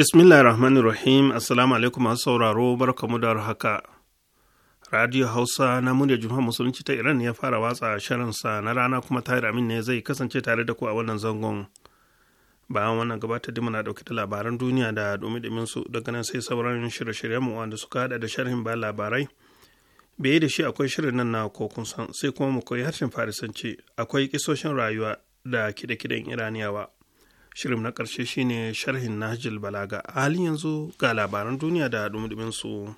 Bismillah rahim assalamu alaikum masu sauraro barkamu da haka radio hausa na murya jumhuriyar musulunci ta iran ya fara watsa shirinsa na rana kuma tahir amin ne zai kasance tare da ku a wannan zangon bayan wannan gabatar da muna dauke da labaran duniya da domin su daga nan sai sauran shirye-shiryen mu wanda suka hada da sharhin ba labarai bai da shi akwai shirin nan na kokun san sai kuma mu koyi harshen farisanci akwai kisoshin rayuwa da kide-kiden iraniyawa shirin na ƙarshe shine sharhin nahajil balaga a halin yanzu ga labaran duniya da dumudumin su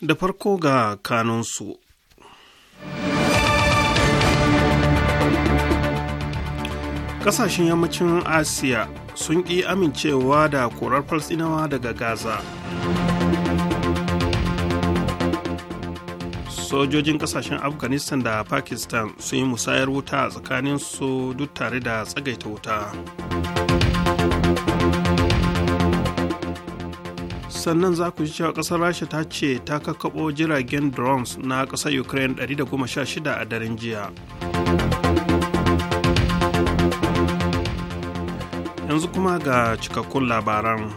da farko ga kanunsu kasashen yammacin asiya sun ƙi amincewa da korar falsinawa daga gaza sojojin kasashen afghanistan da pakistan sun yi musayar wuta a tsakanin su duk tare da tsagaita wuta sannan za ku ji cewa kasar rasha ta ce ta kakkaɓo jiragen drones na ƙasar ukraine 116 a daren jiya yanzu kuma ga cikakkun labaran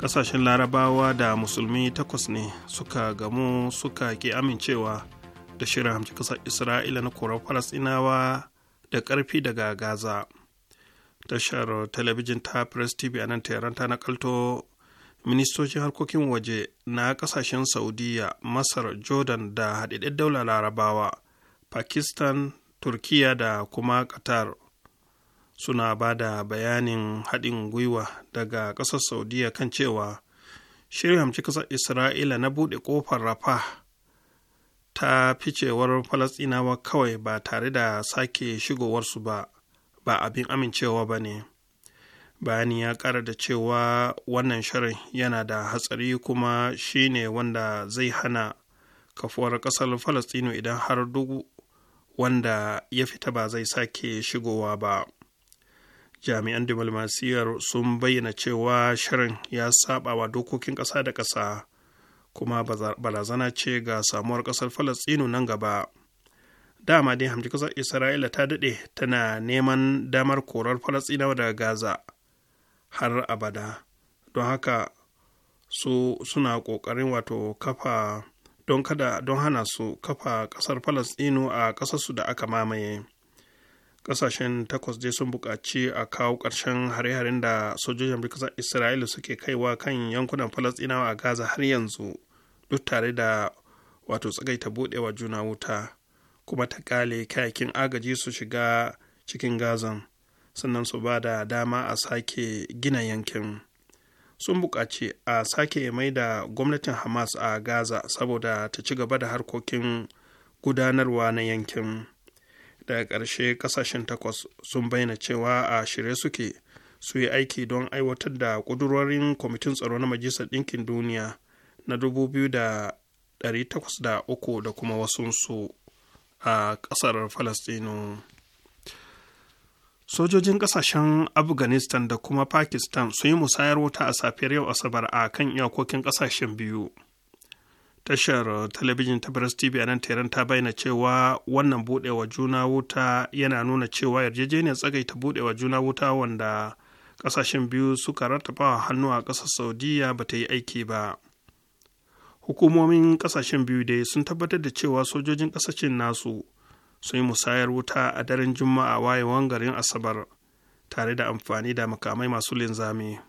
kasashen larabawa da musulmi takwas ne suka gamu suka ke amincewa da shirin hamci kasar isra'ila na korar falasinawa da ƙarfi daga gaza tashar talabijin ta press tv a nan tehran ta nakalto ministocin harkokin waje na kasashen saudiya masar jordan da haɗaɗɗen daular larabawa pakistan turkiya da kuma qatar suna ba da bayanin haɗin gwiwa daga ƙasar saudiya kan cewa shirin hamci ƙasar isra'ila na buɗe ƙofar rafa ta ficewar falasɗinawa kawai ba tare da sake shigowarsu ba ba abin amincewa ba ne bayani ya ƙara da cewa wannan shirin yana da hatsari kuma shine wanda zai hana kafuwar ƙasar falasɗinu idan har duk wanda ya fita ba zai sake shigowa ba jami'an diplomasiyar sun bayyana cewa shirin ya saba wa dokokin ƙasa da ƙasa kuma barazana ce ga samuwar ƙasar falastinu nan gaba dama dai hamji ƙasar isra'ila ta daɗe tana neman damar korar falastinawa daga gaza har abada don haka su suna ƙoƙarin wato kafa don hana su kafa ƙasar falastinu a ƙasarsu da aka mamaye kasashen takwas dai sun buƙaci a kawo ƙarshen hare-haren da sojojin amurka isra'ila suke kaiwa kan yankunan falastinawa a gaza har yanzu duk tare da wato tsagaita buɗewa juna wuta kuma ta ƙale kayakin agaji su shiga cikin gazan sannan su ba da dama a sake gina yankin sun buƙaci a sake mai da gwamnatin hamas a gaza saboda ta ci gaba da harkokin gudanarwa na yankin. daga ƙarshe ƙasashen takwas sun bayyana cewa a shirye suke su yi aiki don aiwatar da ƙudurorin kwamitin tsaro na majalisar ɗinkin duniya na 2,803 da kuma wasunsu a ƙasar falastinu sojojin ƙasashen afghanistan da kuma pakistan sun yi musayar wuta a safiyar yau asabar a kan iyakokin ƙasashen biyu tashar talabijin ta Press TV a nan tairan ta bayyana cewa wannan budewa juna wuta yana nuna cewa yarjejeniyar tsagaita budewa juna wuta wanda kasashen biyu suka rattafawa hannu a ƙasar Saudiya ba ta yi aiki ba. Hukumomin kasashen biyu dai sun tabbatar da cewa sojojin kasashen nasu sun yi musayar wuta a daren Juma'a wayewan garin Asabar tare da amfani da makamai masu linzami.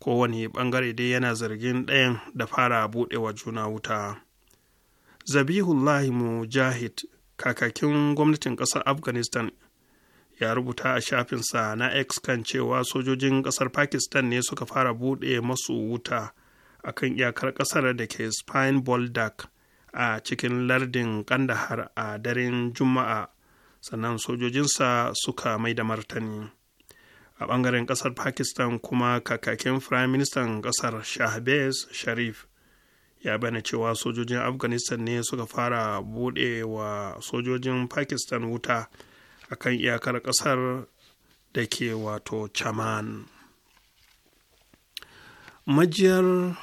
kowane bangare dai yana zargin ɗayan da fara buɗewa juna wuta zabihullahi mujahid kakakin gwamnatin ƙasar afghanistan ya rubuta a shafinsa na x kan cewa sojojin ƙasar pakistan ne suka fara buɗe masu wuta a kan iyakar ƙasar da ke spine boldak a cikin lardin kandahar a daren juma'a sannan sojojinsa suka mai da martani a bangaren ƙasar pakistan kuma kakakin firayim ministan ƙasar shahbaz sharif ya bayyana cewa sojojin afghanistan ne suka fara buɗe wa sojojin pakistan wuta a kan iyakar ƙasar da ke wato chaman majiyar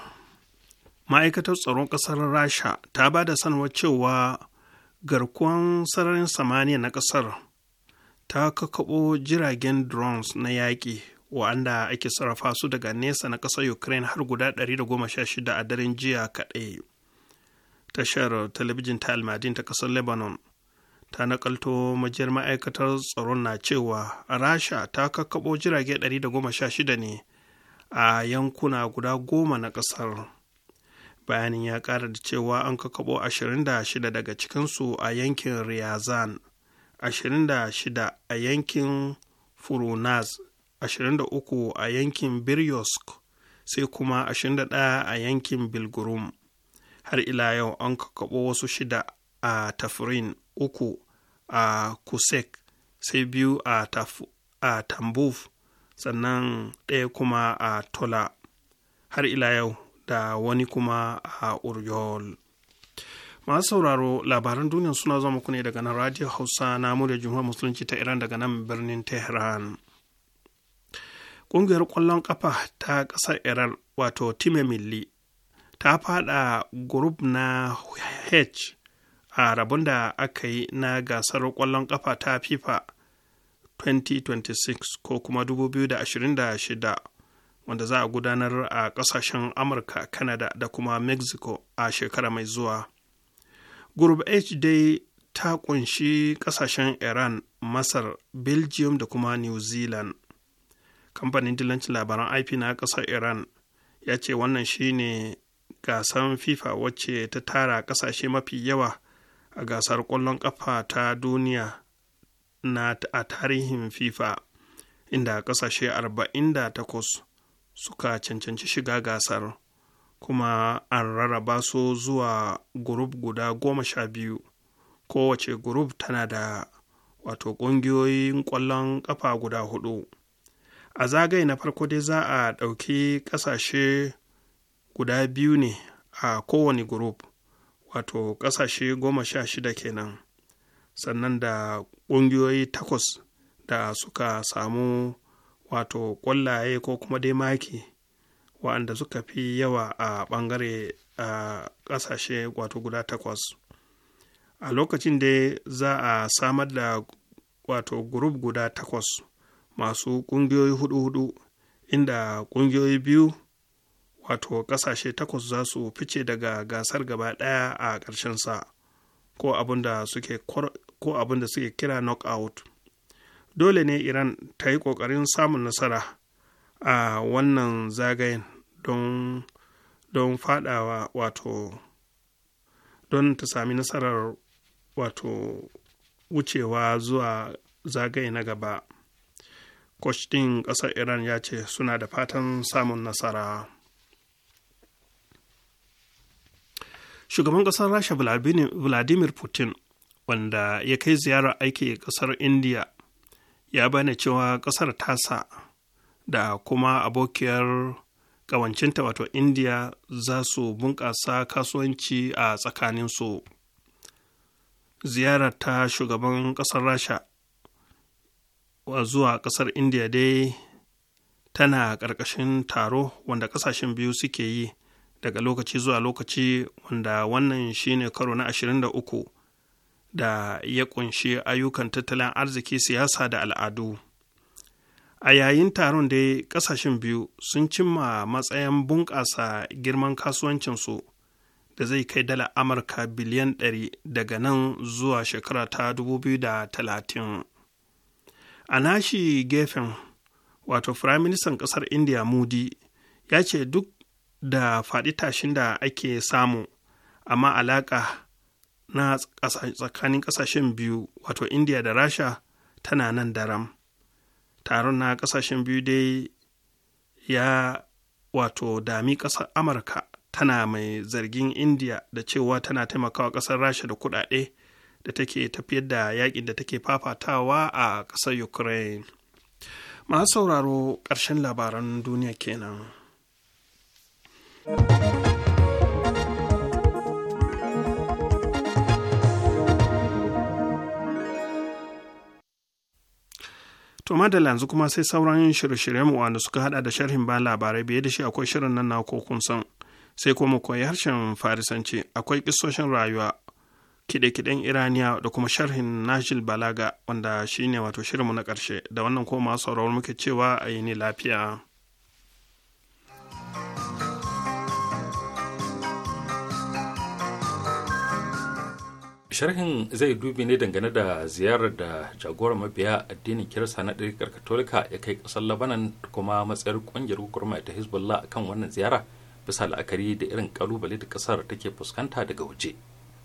ma'aikatar tsaron ƙasar rasha ta ba da sanarwar cewa garkuwan sararin samaniya na ƙasar ta kakaɓo jiragen drones na yaƙi wa'anda ake sarrafa su daga nesa na ƙasar ukraine har guda 116 a daren jiya kaɗai tashar talabijin ta almadin ta ƙasar lebanon ta nakalto majiyar ma'aikatar tsaron na cewa rasha ta kakaɓo jirage 116 ne a yankuna guda goma na ƙasar bayanin ya ƙara da cewa an kakaɓo 26 daga cikinsu a yankin riyazan 26 a yankin Furunaz, 23 a yankin biryosk sai kuma 21 a yankin bilgurum har ila yau an kakaɓo wasu shida a tafrin uku a kusek sai biyu a, a tambuf sannan ɗaya kuma a tola har ila yau da wani kuma a uryol masu sauraro labaran duniya suna zuwa muku ne daga nan radio hausa na murya jumhuriyar musulunci ta iran daga nan birnin tehran kungiyar kwallon kafa ta kasar iran wato time milli ta fada group na h a rabon da aka yi na gasar kwallon kafa ta fifa 2026 ko kuma 2026 wanda za a gudanar a kasashen amurka kanada da kuma mexico a shekara mai zuwa group h dai ta kunshi kasashen iran masar belgium da kuma new zealand kamfanin dillancin labaran ip na kasar iran ya ce wannan shine gasan fifa wacce ta tara kasashe mafi yawa a gasar ƙwallon ƙafa ta duniya na a tarihin fifa inda kasashe 48 suka cancanci shiga gasar kuma an rarraba su zuwa gurub guda goma sha biyu kowace gurub tana da wato ƙungiyoyin ƙwallon ƙafa guda hudu a zagaye na farko dai za a ɗauki ƙasashe guda biyu ne a kowane gurub wato ƙasashe goma sha shida kenan sannan da ƙungiyoyi takwas da suka samu wato ƙwallaye ko kuma dai maki waɗanda suka fi yawa a ɓangare a ƙasashe wato guda takwas a lokacin da za a samar da wato gurub guda takwas masu ƙungiyoyi hudu-hudu inda ƙungiyoyi biyu wato ƙasashe takwas za su fice daga gasar gaba ɗaya a ƙarshensa ko suke ko abin da suke kira knockout dole ne iran ta yi ƙoƙarin samun nasara a wannan zagayen don don fadawa wato don ta sami nasarar wato wucewa zuwa zagaye na gaba coach ɗin ƙasar iran ya ce suna da fatan samun nasara shugaban ƙasar rasha vladimir putin wanda ya kai ziyarar aiki ƙasar india ya bane cewa ƙasar tasa da kuma abokiyar ƙawancinta wato india za su bunƙasa kasuwanci a tsakaninsu ziyarar ta shugaban ƙasar rasha zuwa ƙasar india dai tana ƙarƙashin taro wanda ƙasashen biyu suke yi daga lokaci zuwa lokaci wanda wannan shine karo na 23 da ya ƙunshi ayyukan tattalin arziki siyasa da al'adu a yayin taron da kasashen biyu sun cimma matsayin bunƙasa girman kasuwancinsu da zai kai dala amurka biliyan 100 daga nan zuwa shekara ta 2030 a nashi gefen wato firaministan kasar india mudi ya ce duk da faɗi tashin da ake samu amma alaƙa na tsakanin ƙasashen biyu wato india da rasha tana nan daram taron na kasashen biyu dai ya wato dami kasar amurka tana mai zargin indiya da cewa tana taimakawa kasar rasha da kudade da take tafiyar da yakin da take fafatawa a kasar ukraine masu sauraro ƙarshen labaran duniya kenan. To madalla yanzu kuma sai sauran shirye-shiryen wanda suka hada da sharhin ba labarai biye da shi akwai shirin nan na kun san sai kuma koyi harshen farisanci akwai kisoshin rayuwa kide-kiden iraniya da kuma sharhin nashil balaga wanda shine wato shirinmu na karshe da wannan ko sauraron muke cewa a yi ne lafiya. sharhin zai dubi ne dangane da ziyarar da jagorar mabiya addinin kirista na ɗarikar katolika ya kai ƙasar labanan kuma matsayar ƙungiyar hukumar ta hezbollah akan wannan ziyara bisa la'akari da irin kalubale da ƙasar take fuskanta daga waje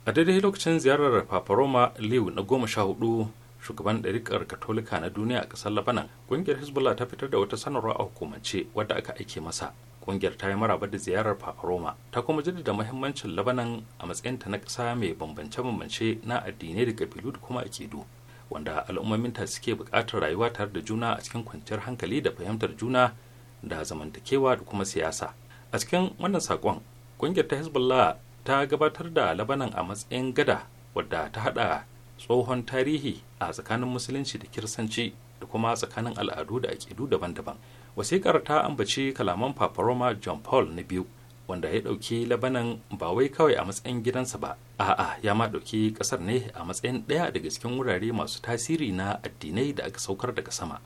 a daidai lokacin ziyarar paparoma liu na goma sha hudu shugaban ɗarikar katolika na duniya a ƙasar labanan ƙungiyar hezbollah ta fitar da wata sanarwa a hukumance wadda aka aike masa kungiyar ta yi maraba da ziyarar papa roma ta kuma jaddada muhimmancin labanan a matsayinta na ƙasa mai bambance-bambance na addinai da kabilu da kuma akidu wanda al'ummominta suke buƙatar rayuwa tare da juna a cikin kwanciyar hankali da fahimtar juna da zamantakewa da kuma siyasa a cikin wannan saƙon ƙungiyar ta hezbollah ta gabatar da labanan a matsayin gada wadda ta haɗa tsohon tarihi a tsakanin musulunci da kirsanci da kuma tsakanin al'adu da aƙidu daban-daban wasikar ta ambaci kalaman paparoma john paul na biyu wanda ya ɗauki labanan ba wai kawai a matsayin gidansa ba a'a ya ma ɗauki ƙasar ne a matsayin ɗaya daga cikin wurare masu tasiri na addinai da aka saukar daga sama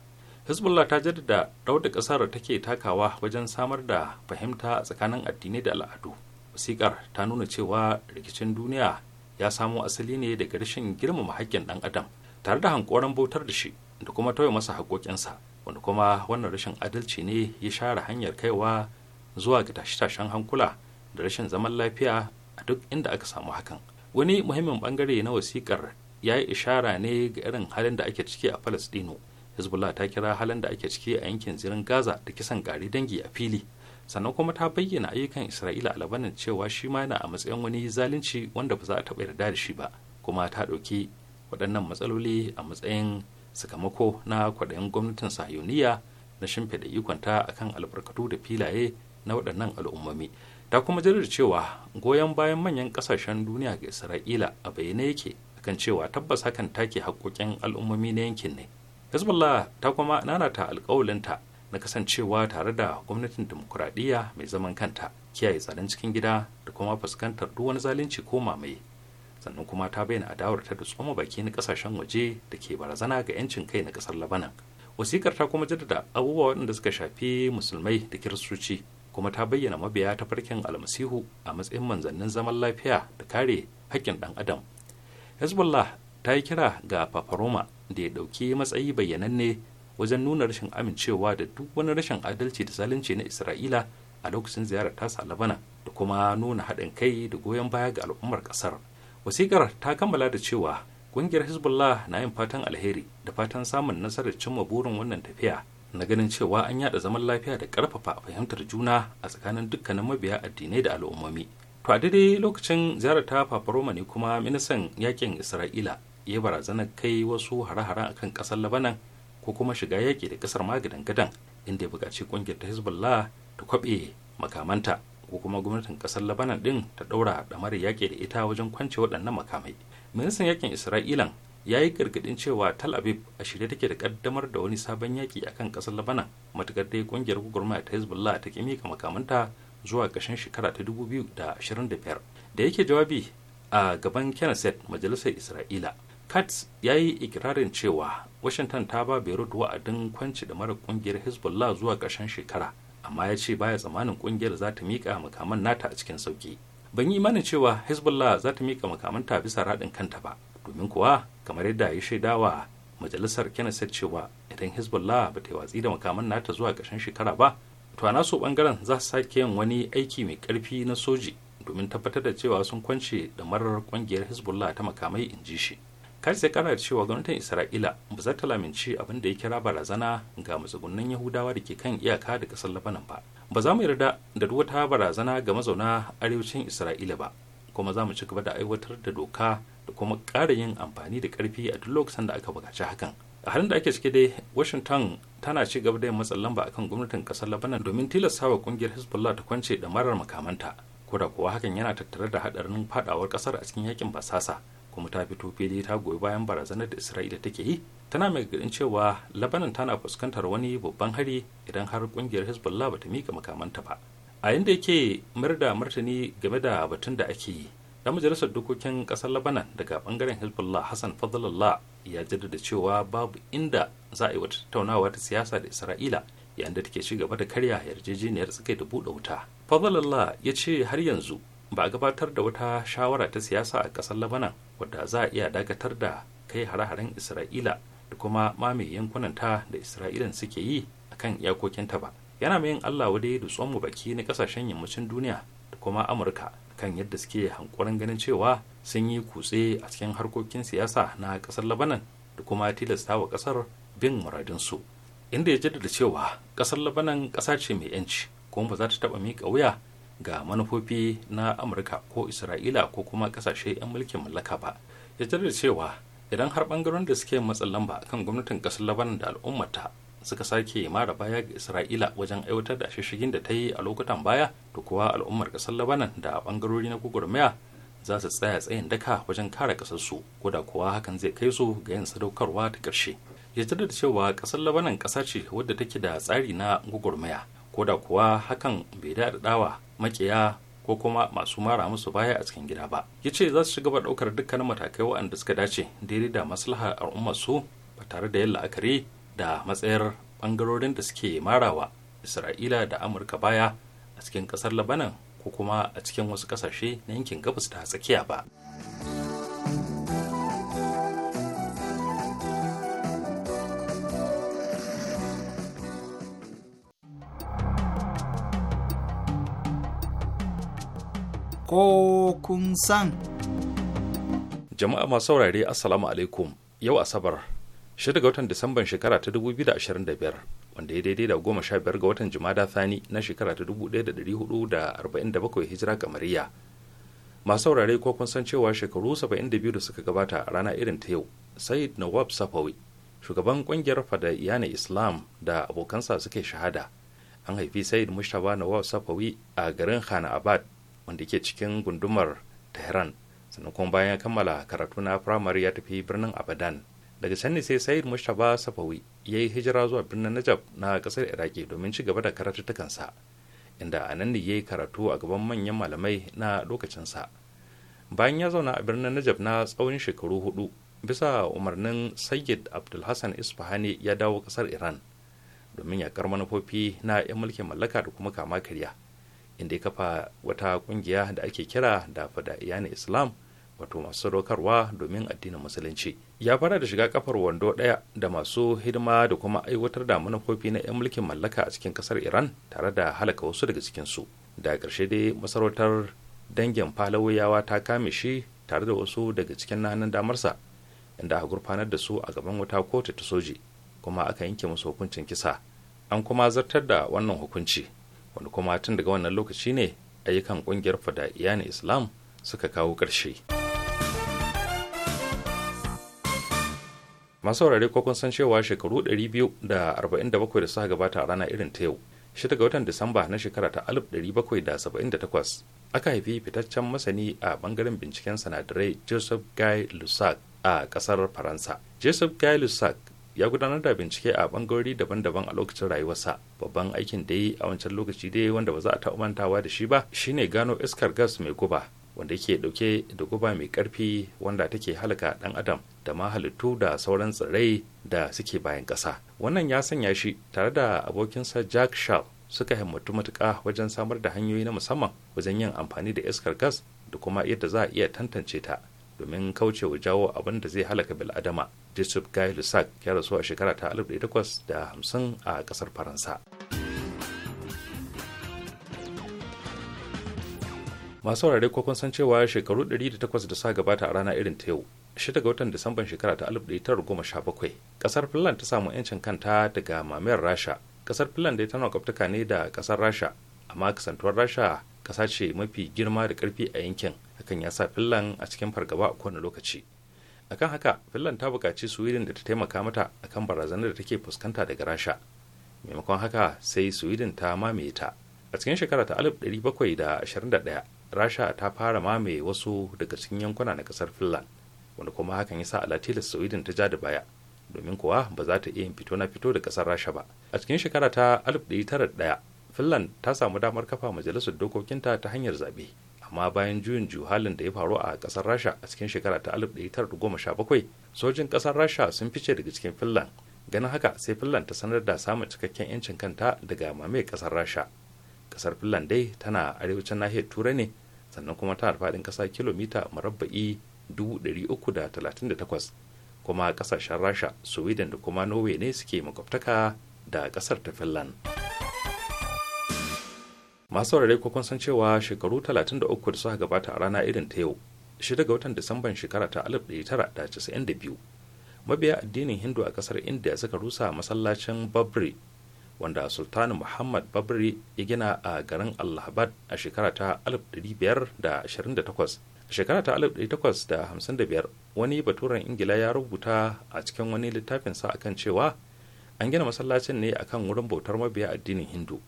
hezbollah ta jaddada rawar da ƙasar take takawa wajen samar da fahimta tsakanin addinai da al'adu wasiƙar ta nuna cewa rikicin duniya ya samo asali ne daga rashin girmama haƙƙin ɗan adam tare da hankoran bautar da shi da kuma tauye masa haƙoƙinsa wanda kuma wannan rashin adalci ne ya share hanyar kaiwa zuwa ga tashe-tashen hankula da rashin zaman lafiya a duk inda aka samu hakan wani muhimmin bangare na wasikar ya yi ishara ne ga irin halin da ake ciki a palestino hezbollah ta kira halin da ake ciki a yankin zirin gaza da kisan gari dangi a fili sannan kuma ta bayyana ayyukan isra'ila a labanin cewa shi ma yana a matsayin wani zalunci wanda ba za a taɓa yarda da shi ba kuma ta ɗauki waɗannan matsaloli a matsayin sakamako na kwaɗayin gwamnatin sayuniya na shimfiɗa ikonta kan albarkatu da filaye na waɗannan al'ummomi ta kuma jirar cewa goyon bayan manyan ƙasashen duniya ga isra'ila a bayyane yake kan cewa tabbas hakan take haƙƙoƙin al'ummomi na yankin ne hezbollah ta kuma nanata alƙawalinta na kasancewa tare da gwamnatin demokuraɗiyya mai zaman kanta kiyaye tsaron cikin gida da kuma fuskantar duk wani zalunci ko mamaye sannan kuma ta bayyana ta da tsoma baki na kasashen waje da ke barazana ga 'yancin kai na kasar labanan wasikar ta kuma jaddada abubuwa waɗanda suka shafi musulmai da kiristoci kuma ta bayyana mabiya ta farkin almasihu a matsayin manzannin zaman lafiya da kare haƙƙin ɗan adam hezbollah ta yi kira ga paparoma da ya ɗauki matsayi bayyananne wajen nuna rashin amincewa da duk wani rashin adalci da zalunci na isra'ila a lokacin ziyarar tasa labana da kuma nuna haɗin kai da goyon baya ga al'ummar ƙasar wasikar ta kammala da cewa ƙungiyar hezbollah na yin fatan alheri da fatan samun nasarar cimma burin wannan tafiya na ganin cewa an yada zaman lafiya da karfafa fahimtar juna a tsakanin dukkanin mabiya addinai da al'ummomi to a daidai lokacin ziyarar ta fafaroma ne kuma ministan yakin isra'ila ya barazana kai wasu hare-hare akan kasar labanan ko kuma shiga yaƙi da kasar magadan gadan inda ya buƙaci ƙungiyar ta hezbollah ta kwaɓe makamanta ko kuma gwamnatin kasar labanan din ta daura damar yaƙi da ita wajen kwance waɗannan makamai ministan yakin isra'ila ya yi gargadin cewa tal aviv a shirye take da ƙaddamar da wani sabon yaƙi a kan kasar labanan matuƙar dai kungiyar gwagwarmaya ta hezbollah ta ƙi ka makamanta zuwa ƙarshen shekara ta 2025 da yake jawabi a gaban kenneth majalisar isra'ila katz ya yi ikirarin cewa washington ta ba beirut wa'adin kwanci da mara ƙungiyar hezbollah zuwa ƙarshen shekara amma ya ce baya tsammanin kungiyar za ta mika makaman nata a cikin sauki ban yi imanin cewa hezbollah za ta mika ta bisa raɗin kanta ba domin kuwa kamar yadda ya shaida wa majalisar kenneth cewa idan hezbollah ba ta yi watsi da makaman nata zuwa ƙarshen shekara ba to a nasu bangaren za su sake yin wani aiki mai ƙarfi na soji domin tabbatar da cewa sun kwance da marar kungiyar hezbollah ta makamai in ji shi Harris ya kara cewa gwamnatin Isra'ila ba za ta lamince abin da ya kira barazana ga matsugunan Yahudawa da ke kan iyaka da kasar Labanan ba. Ba za mu yarda da duk wata barazana ga mazauna arewacin Isra'ila ba, kuma za mu ci gaba da aiwatar da doka da kuma ƙara yin amfani da ƙarfi a duk lokacin da aka buƙaci hakan. a halin da ake cike dai washington tana ci gaba da yin matsin lamba akan gwamnatin kasar labanan domin tilasta wa kungiyar hezbollah ta kwance da marar makamanta ko da kuwa hakan yana tattare da hadarin fadawar kasar a cikin yakin basasa kuma ta fito fili ta goyi bayan barazanar da isra'ila take yi tana mai gadin cewa labanan tana fuskantar wani babban hari idan har kungiyar hezbollah ba ta mika makamanta ba a yadda yake mayar da martani game da batun da ake yi dan majalisar dokokin kasar labanan daga bangaren hezbollah hassan fadlallah ya jaddada cewa babu inda za a yi wata tattaunawa ta siyasa da isra'ila yayin da take ci gaba da karya yarjejeniyar tsakai da buɗe wuta fadlallah ya ce har yanzu ba a gabatar da wata shawara ta siyasa a kasar labanan wadda za a iya dakatar da kai hare-haren isra'ila da kuma mamaye yankunanta da isra'ilan suke yi a kan ta ba yana mai yin allah wadai da tsohon baki na kasashen yammacin duniya da kuma amurka kan yadda suke hankurin ganin cewa sun yi kutse a cikin harkokin siyasa na kasar labanan da kuma tilasta wa kasar bin muradinsu inda ya jaddada cewa kasar labanan kasa ce mai yanci kuma ba za ta taba mika wuya ga manufofi na amurka ko isra'ila ko kuma kasashe 'yan mulkin mallaka ba ya da cewa idan har bangaren da suke matsin lamba kan gwamnatin ƙasar labanan da al'ummata suka sake mara baya ga isra'ila wajen aiwatar da shishigin da ta yi a lokutan baya to kuwa al'ummar kasar labanan da bangarori na gwagwarmaya za su tsaya tsayin daka wajen kare kasar su ko da kuwa hakan zai kai su ga yin sadaukarwa ta ƙarshe ya da cewa ƙasar labanan ƙasa ce wadda take da tsari na gwagwarmaya ko da kuwa hakan bai da dawa makiya ko kuma masu mara musu baya a cikin gida ba ya ce za su ci gaba ɗaukar dukkanin matakai waɗanda suka dace daidai da maslaha al'ummarsu su ba tare da yin la'akari da matsayar ɓangarorin da suke marawa isra'ila da amurka baya a cikin ƙasar labanan ko kuma a cikin wasu ƙasashe na yankin gabas ta tsakiya ba. ko kun san. Jama'a masu saurare Assalamu alaikum yau Asabar 6 ga watan Disamban shekara ta 2025 wanda ya daidai da 15 ga watan Jumada Thani na shekara ta 1447 hijira kamariya. Masu saurare ko kun san cewa shekaru 72 da suka gabata a rana irin ta yau Said Nawab Safawi shugaban kungiyar Fadaiyana Islam da abokansa suke shahada. An haifi Said mustapha Nawab Safawi a garin hana Abad wanda ke cikin gundumar tehran sannan kuma bayan ya kammala karatu na firamare ya tafi birnin abadan daga can sai sayid mustapha safawi ya yi hijira zuwa birnin najab na kasar iraki domin ci gaba da karatuttukansa inda a nan ne ya yi karatu a gaban manyan malamai na lokacinsa bayan ya zauna a birnin najab na tsawon shekaru hudu bisa umarnin sayyid abdulhassan isfahani ya dawo kasar iran domin ya yakar manufofi na 'yan mulkin mallaka da kuma kama karya inda ya kafa wata kungiya da ake kira da fada'iyan islam wato masu sadaukarwa domin addinin musulunci ya fara da shiga kafar wando daya da masu hidima da kuma aiwatar da manufofi na 'yan mulkin mallaka a cikin kasar iran tare da halaka wasu daga cikinsu da ƙarshe dai masarautar dangin falawayawa ta kame shi tare da wasu daga cikin nanan damarsa inda aka gurfanar da su a gaban wata kotu ta soji kuma aka yanke musu hukuncin kisa an kuma zartar da wannan hukunci wanda kuma tun daga wannan lokaci ne ayyukan kungiyar na islam suka kawo ƙarshe masu saurare ko kun san cewa shekaru 247 da suka gabata a rana irin ta yau shi ga watan Disamba na shekara ta 1778 aka haifi fitaccen masani a bangaren binciken sanadarai Joseph Guy lusac a kasar Faransa. Joseph Guy lusac ya gudanar da bincike a bangarori daban-daban a lokacin rayuwarsa babban aikin da yi a wancan lokaci dai wanda ba za a taɓa mantawa da shi ba shine gano iskar gas mai guba wanda yake dauke da guba mai karfi wanda take halaka dan adam da ma halittu da sauran tsirrai da suke bayan ƙasa wannan ya sanya shi tare da abokinsa jack shaw suka himmatu matuka wajen samar da hanyoyi na musamman wajen yin amfani da iskar gas da kuma yadda za a iya tantance ta domin kaucewa jawo abin da zai halaka bil'adama joseph guy lissac ya rasu a shekara ta 1850 a kasar faransa masu wurare ko san cewa shekaru 108 da sa gabata a rana irin ta yau 6 ga watan disamban shekara ta 1917 kasar finland ta samu 'yancin kanta daga mamayar rasha kasar finland dai tana kwaftuka ne da kasar rasha amma kasantuwar rasha kasa ce mafi girma da karfi a yankin hakan ya sa finland a cikin fargaba a kowane lokaci akan haka finland ta buƙaci sweden da ta taimaka mata akan barazanar da take fuskanta daga rasha maimakon haka sai sweden ta mamaye ta a cikin shekara ta 1721 rasha ta fara mamaye wasu daga cikin yankuna na kasar finland wanda kuma hakan ya sa alatila sweden ta ja da baya domin kuwa ba za ta iya fito na fito da kasar rasha ba a cikin shekara ta 1901 finland ta samu damar kafa majalisar dokokinta ta hanyar zaɓe amma bayan juyin halin da ya faru a kasar rasha a cikin shekara ta 1917 sojin kasar rasha sun fice daga cikin finland ganin haka sai finland ta sanar da samun cikakken 'yancin kanta daga mamaye kasar rasha kasar finland dai tana arewacin nahiyar turai ne sannan kuma tana da faɗin ƙasa kilomita marabba'i 338 kuma ƙasashen rasha sweden da kuma norway ne suke makwabtaka da ƙasar ta finland masu saurare ko kun san cewa shekaru 33 da suka gabata a rana irin ta yau shida ga watan disamban shekara ta 1992 mabiya addinin hindu a kasar india suka rusa masallacin babri wanda sultani muhammad babri ya gina a garin allahabad a shekara ta 1528 a shekara ta 1855 wani baturen ingila ya rubuta a cikin wani littafinsa akan cewa an gina masallacin ne akan wurin bautar mabiya addinin hindu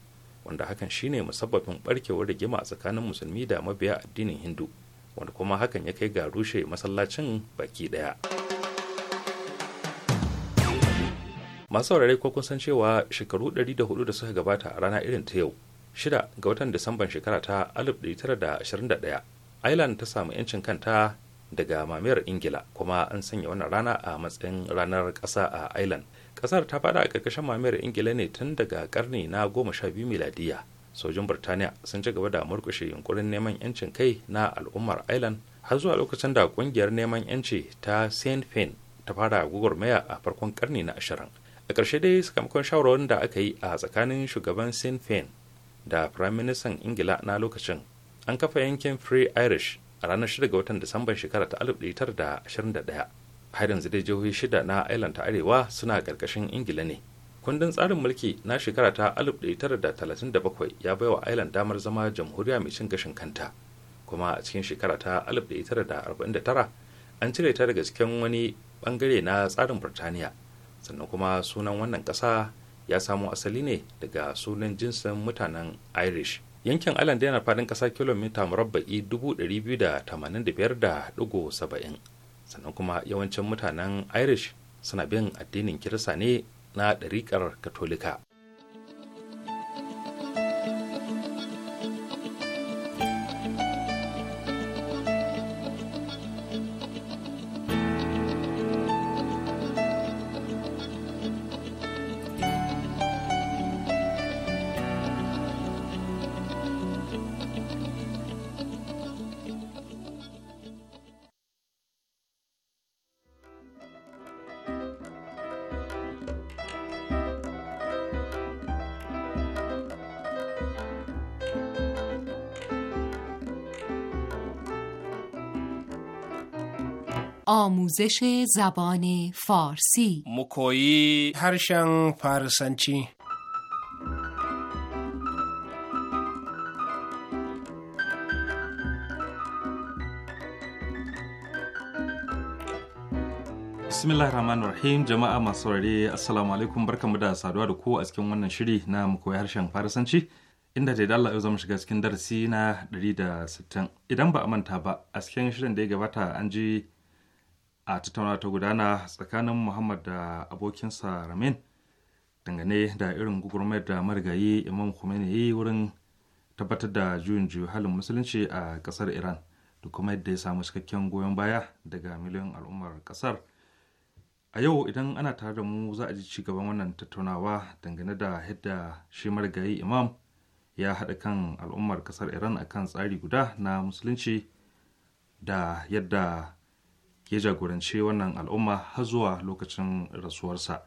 wanda hakan shine musabbabin barkewar rigima tsakanin musulmi da mabiya addinin hindu wanda kuma hakan ya kai ga rushe masallacin baki daya masu saurare ko kun san cewa shekaru 104 da suka gabata a rana irin ta yau shida ga watan disamban shekara ta 1921 ireland ta samu 'yancin kanta daga mamayar ingila kuma an sanya wannan rana a matsayin ranar ƙasa a ireland kasar ta fada a ƙarƙashin mamayar ingila ne tun daga karni na goma sha biyu miladiya sojin birtaniya sun ci gaba da murkushe yunkurin neman yancin kai na al'ummar island har zuwa lokacin da ƙungiyar neman yanci ta saint fin ta fara maya a farkon karni na ashirin a ƙarshe dai sakamakon shawarwarin da aka yi a tsakanin shugaban saint fin da firaministan ingila na lokacin an kafa yankin free irish a ranar 6 ga watan disamban shekara ta 1921 har yanzu dai jihohi shida na Ireland ta Arewa suna ƙarƙashin Ingila ne. Kundin tsarin mulki na shekara ta 1937 ya baiwa Ireland damar zama jamhuriya mai cin gashin kanta. Kuma a cikin shekara ta 1949 an cire ta daga cikin wani bangare na tsarin Burtaniya. Sannan kuma sunan wannan ƙasa ya samo asali ne daga sunan jinsin mutanen Irish. yankin island yana faɗin ƙasa kilomita murabba'i 285.70 sannan kuma yawancin mutanen irish suna bin addinin kirista ne na ɗariƙar katolika آموزش زبان فارسی koyi harshen فارسنچی bismillah rahman rahim jama'a masu saurari assalamu alaikum barkamu da saduwa da ku a cikin wannan shiri na mu koyi harshen farisanci inda da Allah yau zamu shiga cikin darasi na 160 idan ba a manta ba a cikin shirin da ya gabata an ji a tattauna ta gudana tsakanin muhammad da abokinsa ramin dangane da irin gugurmar da marigayi imam khomeini ya yi wurin tabbatar da juyin juyi halin musulunci a kasar iran da kuma yadda ya samu cikakken goyon baya daga miliyan al'ummar kasar a yau idan ana tare da mu za a ji ci gaban wannan tattaunawa dangane da yadda shi marigayi imam ya haɗa kan al'ummar kasar iran akan tsari guda na musulunci da yadda ya jagoranci wannan al'umma har zuwa lokacin rasuwarsa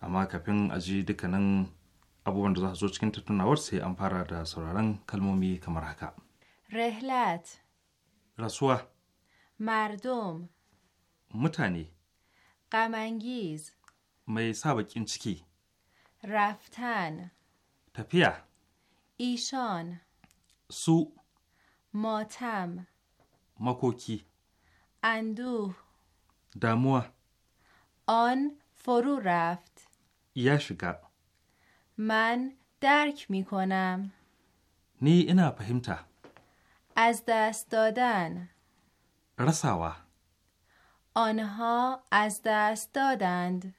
amma kafin a ji dukkanin abubuwan da za su zo cikin tattunawar sai an fara da sauraron kalmomi kamar haka rehlat rasuwa mardom mutane kamangiz mai sa bakin ciki raftan tafiya ishan su motam makoki اندوه دموه آن فرو رفت یشگا من درک می کنم نی اینا فهمتا از دست دادن رساوا آنها از دست دادند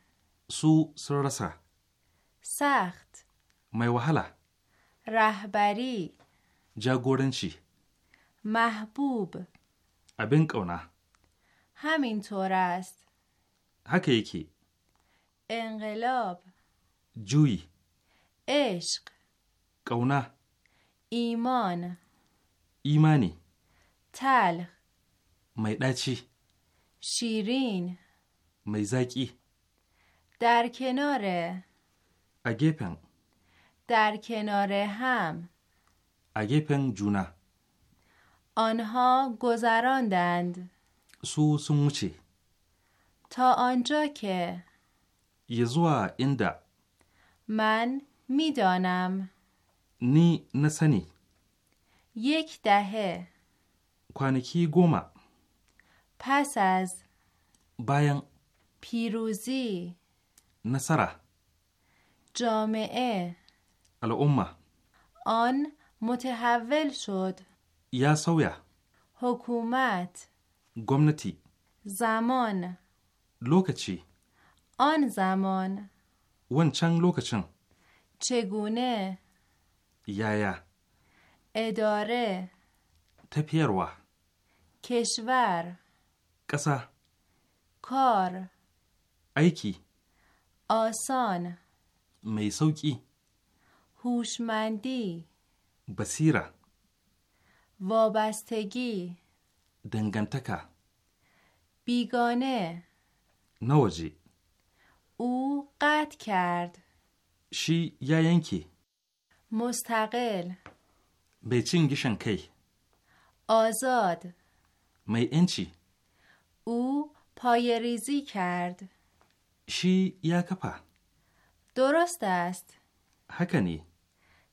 سو سرسا سخت mai wahala rahbari jagoranci mahbub abin ƙauna همین طور است هکه یکی انقلاب جوی عشق قونه ایمان ایمانی تلخ میدچی شیرین میزکی در کنار اگپن در کنار هم اگپن جونا آنها گذراندند Susunci. Ta anja ke. Ya zuwa inda. Man midanam. Ni na sani. Yek dahe. Kwanaki goma. Fasas. Bayan. Piruzi. Nasara. Jami'e. Al'umma. On متحول شد Ya sauya. Hukumat. gwamnati zamon lokaci on zamon wancan lokacin cegune yaya edore tafiyarwa Keshvar. ƙasa kor aiki oson mai sauƙi hushmandi basira wabastagi دنگانتکا بیگانه نوجی او قطع کرد شی یا ینکی مستقل به گیشن کی آزاد می انچی او پای ریزی کرد شی یا درست است هکنی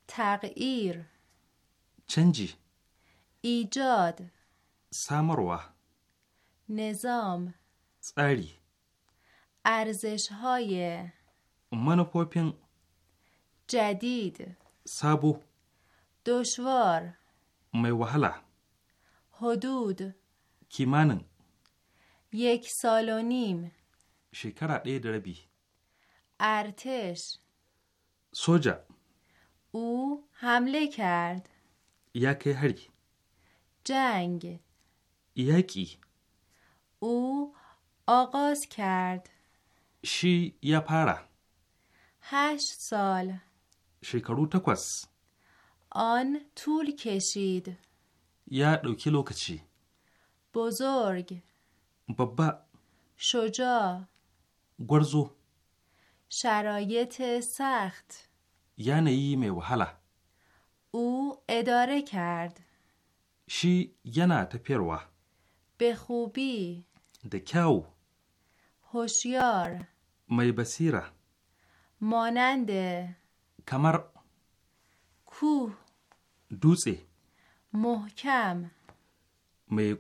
تغییر چنجی ایجاد سامروا نظام تساری ارزش های جدید سابو دشوار می حدود کیمانن یک سال و نیم شکر ɗaya دربی ارتش سوجا او حمله کرد یا که هری جنگ یکی او آغاز کرد شی یا پارا هشت سال شکرو تکوس آن طول کشید یا دوکی لوکچی بزرگ بابا شجاع گرزو شرایط سخت یعنی می حالا. او اداره کرد شی ینا تپیروه به خوبی دکو هوشیار می مانند کمر کوه دوتسه محکم می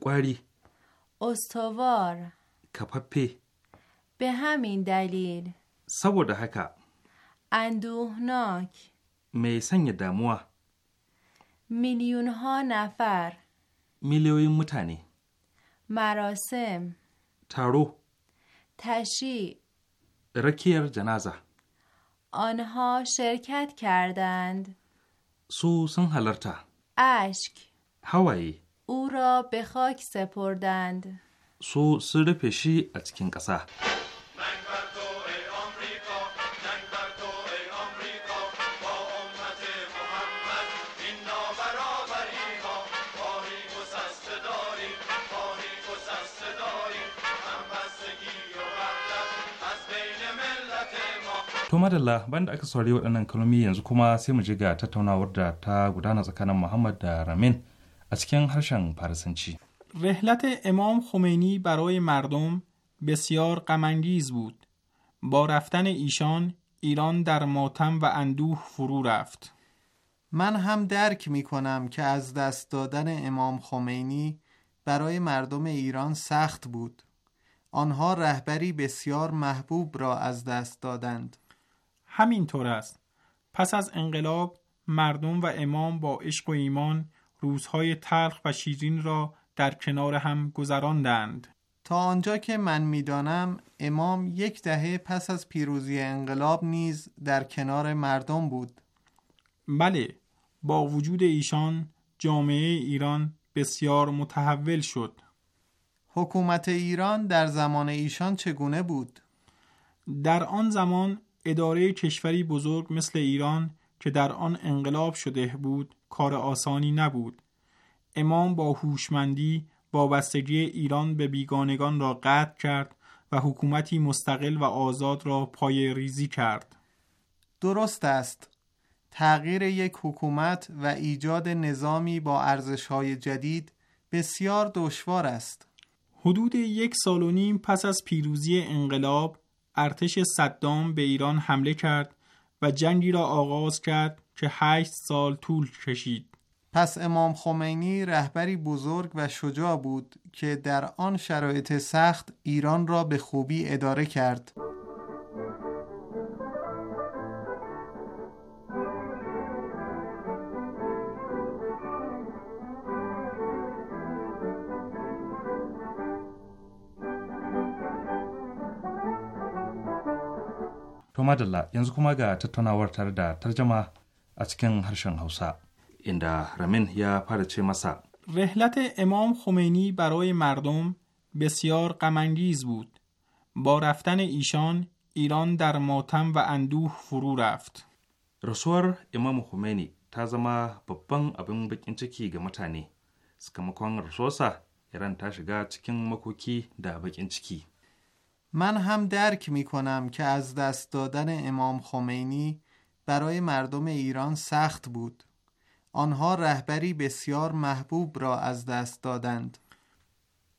استوار کپپی به همین دلیل saboda هکا، اندوهناک نک، دموه damuwa میلیون ها نفر میلیون متنی مراسم تارو تشی رکیر جنازه آنها شرکت کردند سو سن هلرتا اشک هوایی او را به خاک سپردند سو سر پشی از کسه To madalla banda aka saurari waɗannan kalmomi yanzu kuma sai mu je ga tattaunawar da ta gudana tsakanin Muhammad da Ramin a cikin harshen Farisanci. رحلت امام خمینی برای مردم بسیار غمانگیز بود. با رفتن ایشان ایران در ماتم و اندوه فرو رفت. من هم درک می کنم که از دست دادن امام خمینی برای مردم ایران سخت بود. آنها رهبری بسیار محبوب را از دست دادند. همین طور است پس از انقلاب مردم و امام با عشق و ایمان روزهای تلخ و شیرین را در کنار هم گذراندند تا آنجا که من میدانم امام یک دهه پس از پیروزی انقلاب نیز در کنار مردم بود بله با وجود ایشان جامعه ایران بسیار متحول شد حکومت ایران در زمان ایشان چگونه بود؟ در آن زمان اداره کشوری بزرگ مثل ایران که در آن انقلاب شده بود کار آسانی نبود امام با هوشمندی وابستگی ایران به بیگانگان را قطع کرد و حکومتی مستقل و آزاد را پای ریزی کرد درست است تغییر یک حکومت و ایجاد نظامی با ارزش‌های جدید بسیار دشوار است حدود یک سال و نیم پس از پیروزی انقلاب ارتش صدام به ایران حمله کرد و جنگی را آغاز کرد که هشت سال طول کشید. پس امام خمینی رهبری بزرگ و شجاع بود که در آن شرایط سخت ایران را به خوبی اداره کرد. To yanzu kuma ga tattaunawar tare da tarjama a cikin harshen Hausa. Inda Ramin ya fara ce masa. Rehlate Imam خمینی برای مردم بسیار غمانگیز بود. با رفتن ایشان ایران در ماتم و اندوه فرو رفت. رسور ta zama babban abin baƙin ciki ga mutane sakamakon rasuwarsa iran ta shiga cikin makoki da baƙin ciki من هم درک می کنم که از دست دادن امام خمینی برای مردم ایران سخت بود آنها رهبری بسیار محبوب را از دست دادند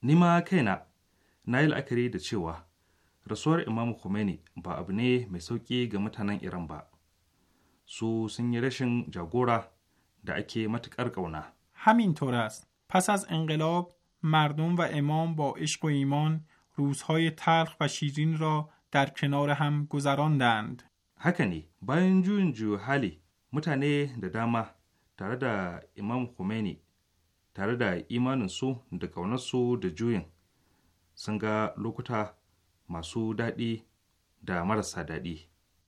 نیما کینا نایل اکری د cewa رسور امام خمینی با ابنی میسوکی گمتنان ایران با. سو سنیرشن جاگورا. su اکی yi rashin همینطور است پس از انقلاب مردم و امام با عشق و ایمان روزهای تلخ و شیرین را در کنار هم گذراندند. هکنی با جون جو حالی متنه دامه تره دا امام خمینی تره دا ایمان سو دا کونه سو دا جوین سنگا لوکتا ماسو دادی دا مرسا دادی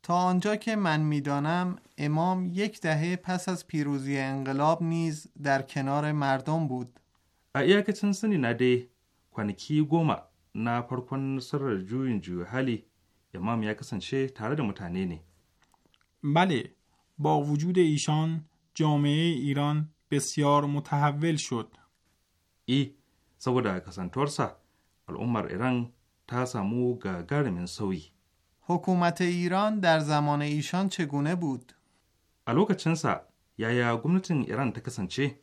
تا آنجا که من میدانم امام یک دهه پس از پیروزی انقلاب نیز در کنار مردم بود ایا که چنسنی نده کنکی گومه na farkon nasarar juyin juya hali امام یا کسانچه تره متعنی بله با وجود ایشان جامعه ایران بسیار متحول شد ای سبودا کسانتورسا العمر ایران تا سامو گاگارمین سوی حکومت ایران در زمان ایشان چگونه بود؟ الوکا چنسا یا یا گمنتین ایران تا کسانچه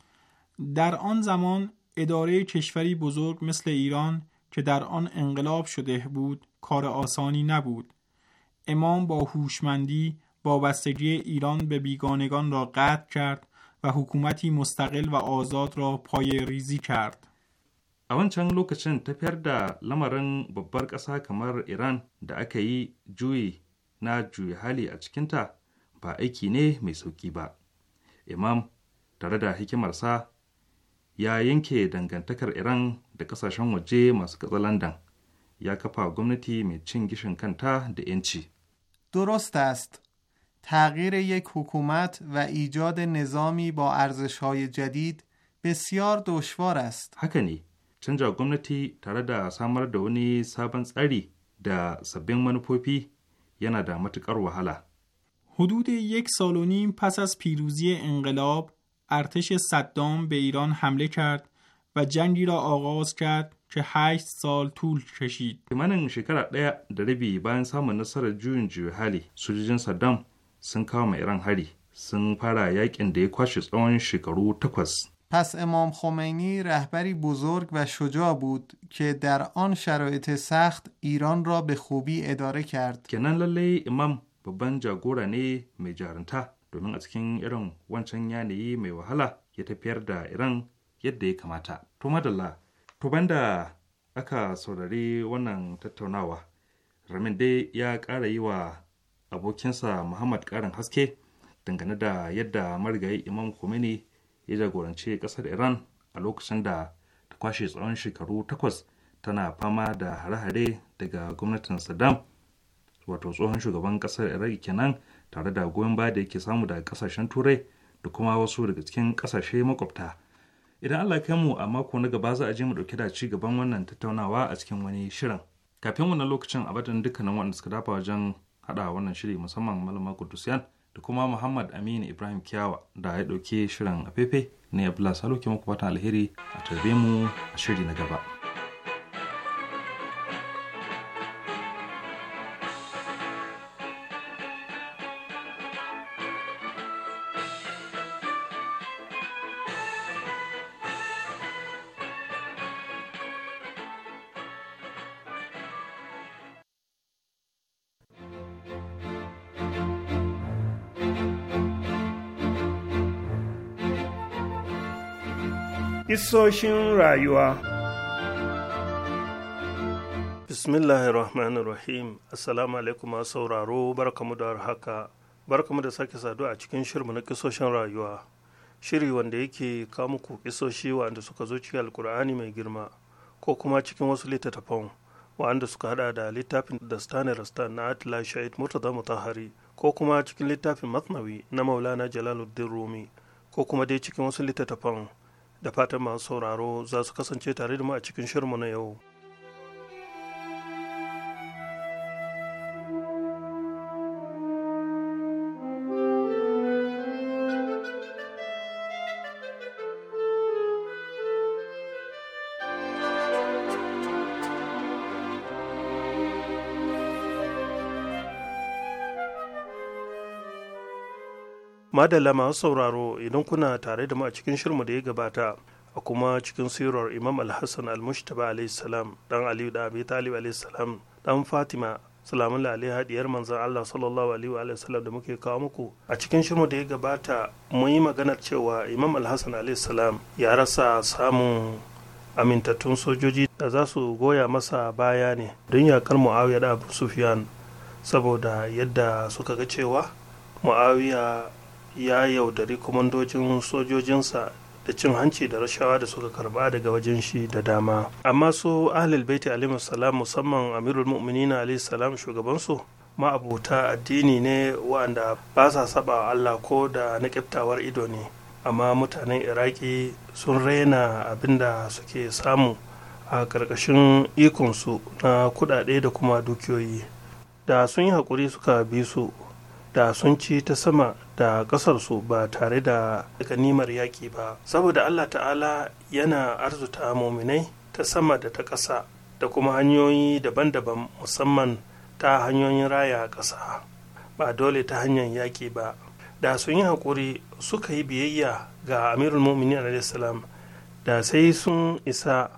در آن زمان اداره کشوری بزرگ مثل ایران که در آن انقلاب شده بود کار آسانی نبود امام با هوشمندی وابستگی ایران به بیگانگان را قطع کرد و حکومتی مستقل و آزاد را پای ریزی کرد اون چند لوکشن تپر دا لمرن ببر قسا کمر ایران دا اکی جوی نا جوی حالی اچکنته با ایکی نه می سوکی با امام تردا مرسا، ya yanke dangantakar Iran da kasashen waje masu katsalandan ya kafa gwamnati mai cin gishin kanta da 'yanci. درست است. تغییر hukumat wa ijad nizami ba با jadid جدید بسیار ast است. هکنی canza gwamnati tare da samar da wani sabon tsari da sabbin manufofi yana da matuƙar wahala. حدود یک سال و نیم پس ارتش صدام به ایران حمله کرد و جنگی را آغاز کرد که هشت سال طول کشید. من شکر اقلی داری بی باین سام نصر جون جو حالی سجن صدام سن کام ایران حالی سن پارا یک انده کشیز اون شکرو تکوز. پس امام خمینی رهبری بزرگ و شجاع بود که در آن شرایط سخت ایران را به خوبی اداره کرد. که نن امام به بنجا گورنی میجارنته domin a cikin irin wancan yanayi mai wahala ya tafiyar da iran yadda ya kamata to madalla to banda aka saurari wannan tattaunawa ramin dai ya ƙara yi wa abokinsa muhammad ƙarin haske dangane da yadda marigayi imam khomeini ya jagoranci ƙasar iran a lokacin da ta kwashe tsawon shekaru takwas tana fama da hare-hare daga gwamnatin saddam wato tsohon shugaban ƙasar Iraki kenan tare da goyon baya da yake samu daga kasashen turai da kuma wasu daga cikin kasashe makwabta idan allah kai mu a mako na gaba za a je mu dauke da ci gaban wannan tattaunawa a cikin wani shirin kafin wannan lokacin a batun dukkanin waɗanda suka dafa wajen haɗa wannan shiri musamman malama kudusiyan da kuma muhammad aminu ibrahim kiyawa da ya ɗauki shirin a fefe ne abdullahi salo ke muku fatan alheri a tarbe mu a shiri na gaba. Kisoshin rayuwa Bismillahir Rahmanir Rahim Assalamu alaikum sauraro barkamu da haka barkamu da sake saduwa a cikin shirmu na kisoshin rayuwa shiri wanda yake kawo muku kisoshi wanda suka zo cikin alkur'ani mai girma ko kuma cikin wasu littattafan wanda suka hada da littafin da Stanley rastan na atila shahid murtaza mutahari ko kuma cikin littafin masnawi na maulana jalaluddin rumi ko kuma dai cikin wasu littattafan da fatan masu sauraro za su kasance tare da mu a cikin shirmu na yau madalla masu sauraro idan kuna tare da mu a cikin shirmu da ya gabata a kuma cikin sirar imam alhassan almushtaba alayhi salam dan aliyu da abi talib alayhi salam dan fatima salamun lalai hadiyar manzan allah sallallahu alaihi wa sallam da muke kawo muku a cikin shirmu da ya gabata mun yi maganar cewa imam alhassan alayhi ya rasa samun amintattun sojoji da za su goya masa baya ne don yakar muawiya da abu Sufiyan saboda yadda suka ga cewa muawiya ya yaudari kwamandocin sojojinsa da cin hanci da rashawa da suka karba daga wajen shi da dama amma su ahlul baiti alaihi salam musamman amirul mu'minin alaihi salam shugabansu ma'abuta addini ne wa'anda ba sa saba Allah ko da nakiftawar ido ne amma mutanen iraki sun raina abin da suke samu a ƙarƙashin ikonsu na kuɗaɗe da kuma dukiyoyi da sun yi hakuri suka bi su da sun ci ta sama da ƙasarsu ba tare da ganimar yaƙi ba saboda allah ta'ala yana arzuta muminai ta sama da ta ƙasa da kuma hanyoyi daban-daban musamman ta hanyoyin raya ƙasa ba dole ta hanyar yaƙi ba da sun yi haƙuri suka yi biyayya ga amirul mumini salam da sai sun isa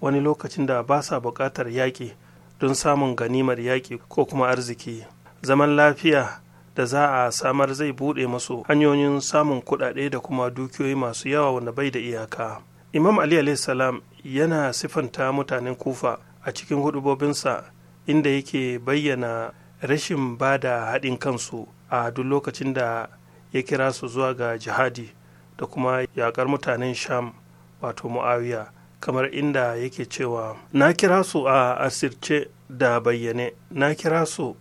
wani lokacin da ba sa buƙatar yaƙi don samun ganimar yaƙi ko kuma arziki zaman lafiya da za a samar zai buɗe masu hanyoyin samun kuɗaɗe da kuma dukiyoyi masu yawa wanda bai da iyaka imam ali salam yana sifanta mutanen kufa a cikin hudubobinsa inda yake bayyana rashin ba da haɗin kansu a duk lokacin da ya kira su zuwa ga jihadi da kuma yaƙar mutanen sham wato mu'awiya kamar inda yake cewa na kira su a asirce da bayyane na kira su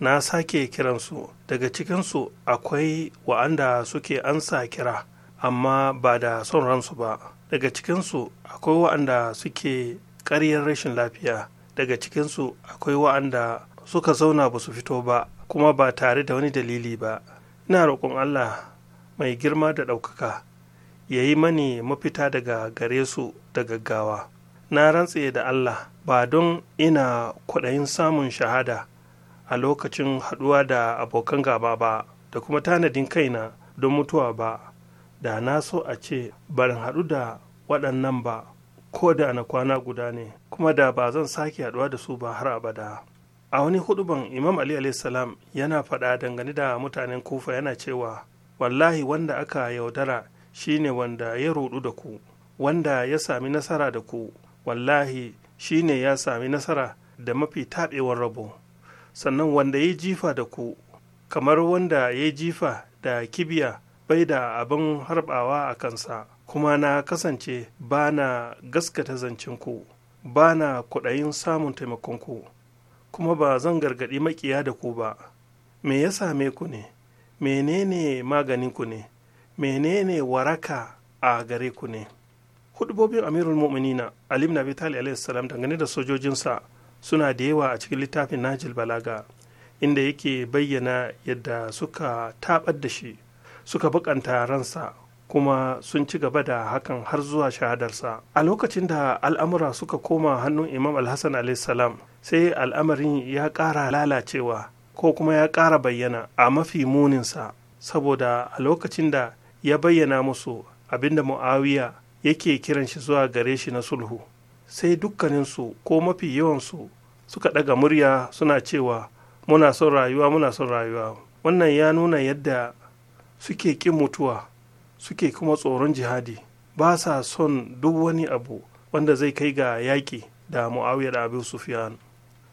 na sake kiransu daga cikinsu akwai wa'anda suke ansa kira amma ba da son ransu ba daga cikinsu akwai wa'anda suke ƙaryar rashin lafiya daga cikinsu akwai wa'anda suka zauna ba su fito ba kuma ba tare da wani dalili ba ina roƙon allah mai girma da ɗaukaka ya yi mani mafita daga gare su da gaggawa na rantse da allah ba don ina kwaɗayin samun shahada a lokacin haɗuwa da abokan gaba ba da kuma tanadin kaina don mutuwa ba da na so a ce barin haɗu da waɗannan ba ko da na kwana guda ne kuma da ba zan sake haɗuwa da su ba har abada a wani huduban imam ali salam yana faɗa dangane da mutanen kufa yana cewa wallahi wanda aka yaudara shine wanda ya rudu da ku wanda ya sami nasara da ku wallahi shine ya sami nasara da mafi taɓewar rabo sannan wanda ya jifa da ku kamar wanda ya jifa da kibiya bai da abin harbawa a kansa kuma na kasance ba na gaskata zancinku ba na kudayin samun taimakonku kuma ba zan gargaɗi makiya da ku ba me ya same ku ne menene maganin ku ne menene waraka a gare ku ne hudubobin amirul mu'minina alim na bitali alaihi salam dangane da sojojinsa suna da yawa a cikin littafin najil balaga inda yake bayyana yadda suka taɓar da shi suka bukanta ransa kuma sun ci gaba da hakan har zuwa shahadarsa a lokacin da al'amura suka koma hannun imam alhassan salam sai al'amarin ya ƙara lalacewa ko kuma ya ƙara bayyana a mafi muninsa saboda a lokacin da ya bayyana musu abinda mu'awiya yake kiran shi zuwa gare shi na sulhu sai dukkaninsu ko mafi yawansu suka ɗaga murya suna cewa muna son rayuwa muna son rayuwa wannan ya nuna yadda suke ƙin mutuwa suke kuma tsoron jihadi ba sa son duk wani abu wanda zai kai ga yaƙi da mu'awiyar abu sufiyan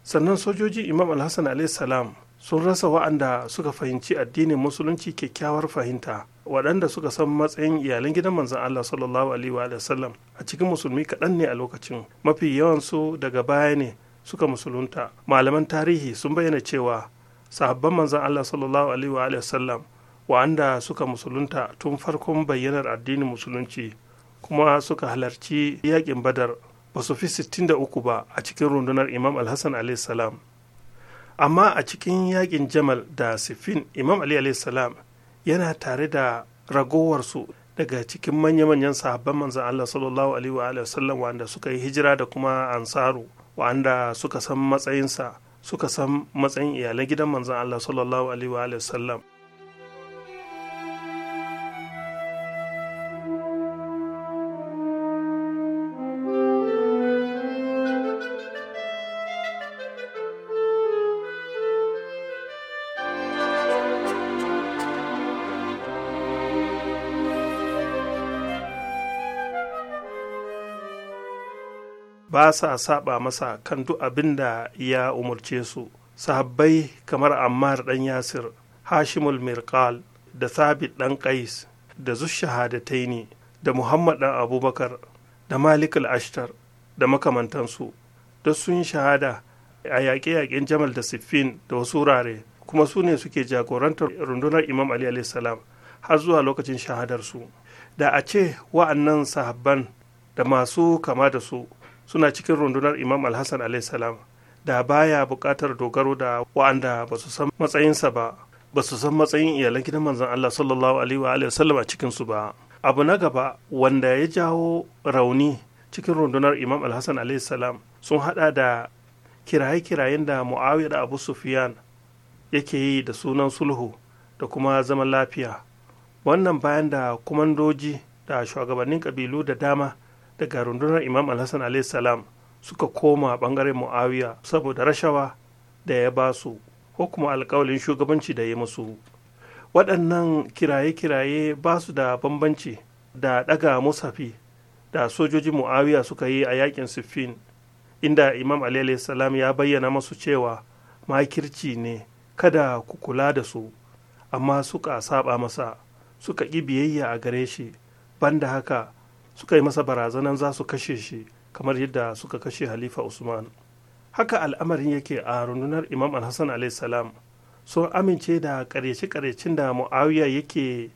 sannan sojoji imam alhassan salam sun rasa wa'anda suka fahimci addinin musulunci kyakkyawar fahimta waɗanda suka san matsayin iyalan gidan manzan Allah sallallahu alaihi wa sallam a cikin musulmi kaɗan ne a lokacin mafi yawansu daga baya ne suka musulunta malaman tarihi sun bayyana cewa sahabban manzan Allah sallallahu alaihi wa sallam wa'anda suka musulunta tun farkon bayyanar addinin musulunci kuma suka halarci yakin badar ba su fi 63 ba a cikin rundunar imam alhassan salam amma a cikin yakin jamal da siffin imam ali salam yana tare da ragowarsu daga cikin manya-manyan sahabban manzan Allah sallallahu alaihi wa sallam wanda suka yi hijira da kuma ansaru wanda suka san matsayinsa suka san matsayin iyalan gidan manzan Allah sallallahu alaihi wa sallam ba sa saba masa kan duk abin da ya umarce su sahabbai kamar ammar dan yasir hashimul mirqal da sabit dan qais da zushahadataini da muhammad dan abubakar da malik ashtar da makamantansu duk sun shahada a yaƙe-yaƙen jamal da siffin da wasu wurare kuma su ne suke jagorantar rundunar imam ali salam har zuwa lokacin shahadarsu da a ce wa'annan sahabban da masu kama da su suna cikin rundunar imam alhassan alaihissalam da baya buƙatar dogaro da wa'anda ba su san matsayinsa ba ba su san matsayin iyalan gidan manzon Allah sallallahu alaihi wa a cikin su ba abu na gaba wanda ya jawo rauni cikin rundunar imam alhassan alaihi salam sun hada da kiraye-kirayen da muawiya da abu sufyan yake yi da sunan sulhu da kuma zaman lafiya wannan bayan da kumandoji da shugabannin kabilu da dama daga rundunar imam alhassan a.s. suka koma bangaren muawiya saboda rashawa da ya ba su ko kuma alkawalin shugabanci da ya musu waɗannan kiraye-kiraye ba su da bambanci da ɗaga musafi da sojojin muawiya suka yi a yakin siffin inda imam a.s. ya bayyana masu cewa makirci ne kada ku kula da su amma suka saba masa suka ƙi biyayya a gare shi banda haka suka yi masa barazanan za su kashe shi kamar yadda suka kashe halifa usman haka al'amarin yake a rundunar imam alhassan alaihissalam sun amince da karyace-karyacin da muawiya yake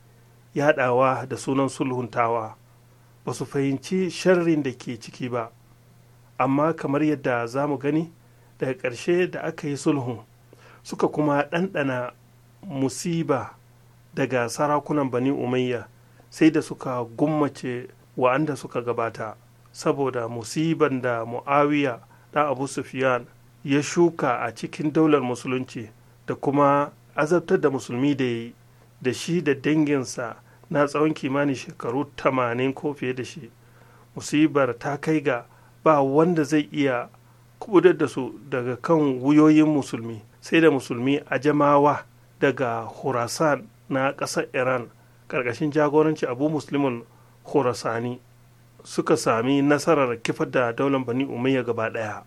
yadawa da sunan sulhuntawa ba su fahimci sharrin da ke ciki ba amma kamar yadda za mu gani daga ƙarshe da aka yi sulhun suka kuma ɗanɗana musiba daga sarakunan bani umayya sai da suka gummace wa'anda suka gabata saboda musiban da muawiya ɗan abu sufiyan ya shuka a cikin daular musulunci da kuma azabtar da musulmi da yi da shi da danginsa na tsawon kimanin shekaru 80 ko fiye da shi musibar ta kai ga ba wanda zai iya kubutar da su daga kan wuyoyin musulmi sai da musulmi a jamawa daga khurasan na ƙasar iran ƙarƙashin jagoranci abu musulmin. khorasani suka sami nasarar kifar da daular bani umayya gaba ɗaya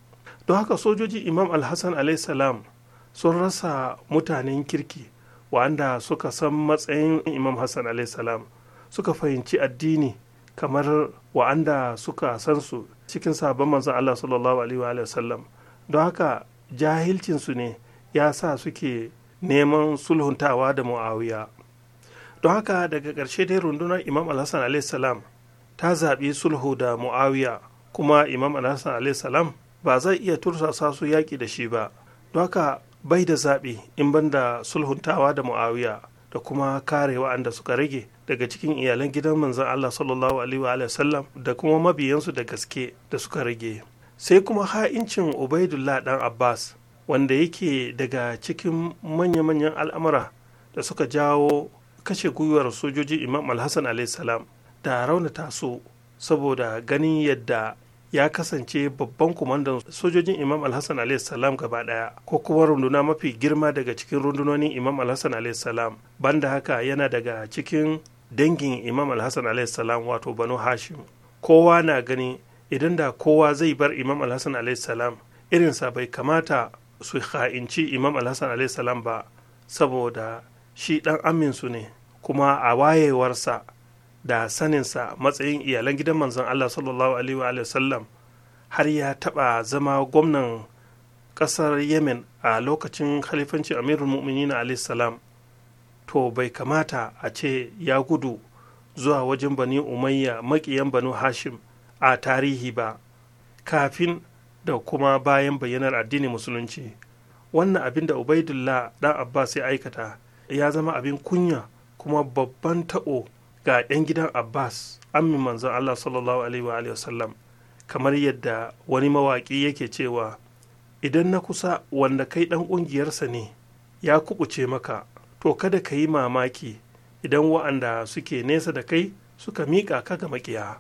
don haka sojoji imam alhassan salam sun rasa mutanen kirki wa'anda suka san matsayin imam hassan salam suka fahimci addini kamar wa'anda suka san su cikin sabon manzon allah sallallahu alaihi wa sallam don haka jahilcinsu ne ya sa suke neman sulhuntawa da mu'awiya don haka daga ƙarshe dai rundunar imam alhassan salam ta zaɓi sulhu da mu'awiya kuma imam alhassan salam ba zai iya tursasa su yaƙi da shi ba don haka bai da zaɓi in ban da sulhuntawa da mu'awiya da kuma kare wa'anda suka rage daga cikin iyalan gidan manzan Allah sallallahu alaihi wa sallam da kuma mabiyansu da gaske da suka rage sai kuma ha'incin Ubaidullah dan Abbas wanda yake daga cikin manya-manyan al'amura da suka jawo kashe gwiwar sojoji imam alhassan alaihissalam da raunata su saboda ganin yadda ya kasance babban kumandan sojojin imam alhassan alaihissalam gaba daya ko kuma runduna mafi girma daga cikin rundunonin imam alhassan alaihissalam banda haka yana daga cikin dangin imam alhassan alaihissalam wato banu hashim kowa na gani idan da kowa zai bar imam alhassan alaihissalam irinsa bai kamata su ha'inci imam alhassan alaihissalam ba saboda shi ɗan aminsu ne kuma a wayewarsa da saninsa matsayin iyalan gidan manzon Allah sallallahu alaihi wa sallam har ya taɓa zama gwamnan ƙasar Yemen a lokacin khalifanci Amirul Mu'minin alaihi salam to bai kamata a ce ya gudu zuwa wajen Bani Umayya maƙiyan Banu Hashim a tarihi ba kafin da kuma bayan bayyanar addinin musulunci wannan abin da Ubaidullah dan Abbas ya aikata ya zama abin kunya kuma babban taɓo ga 'yan gidan abbas ammin manzon allah sallallahu alaihi wa wasallam kamar yadda wani mawaƙi yake cewa idan na kusa wanda kai ɗan ƙungiyarsa ne ya kubuce maka to kada ka yi mamaki idan wa'anda suke nesa da kai suka miƙa ka ga maƙiya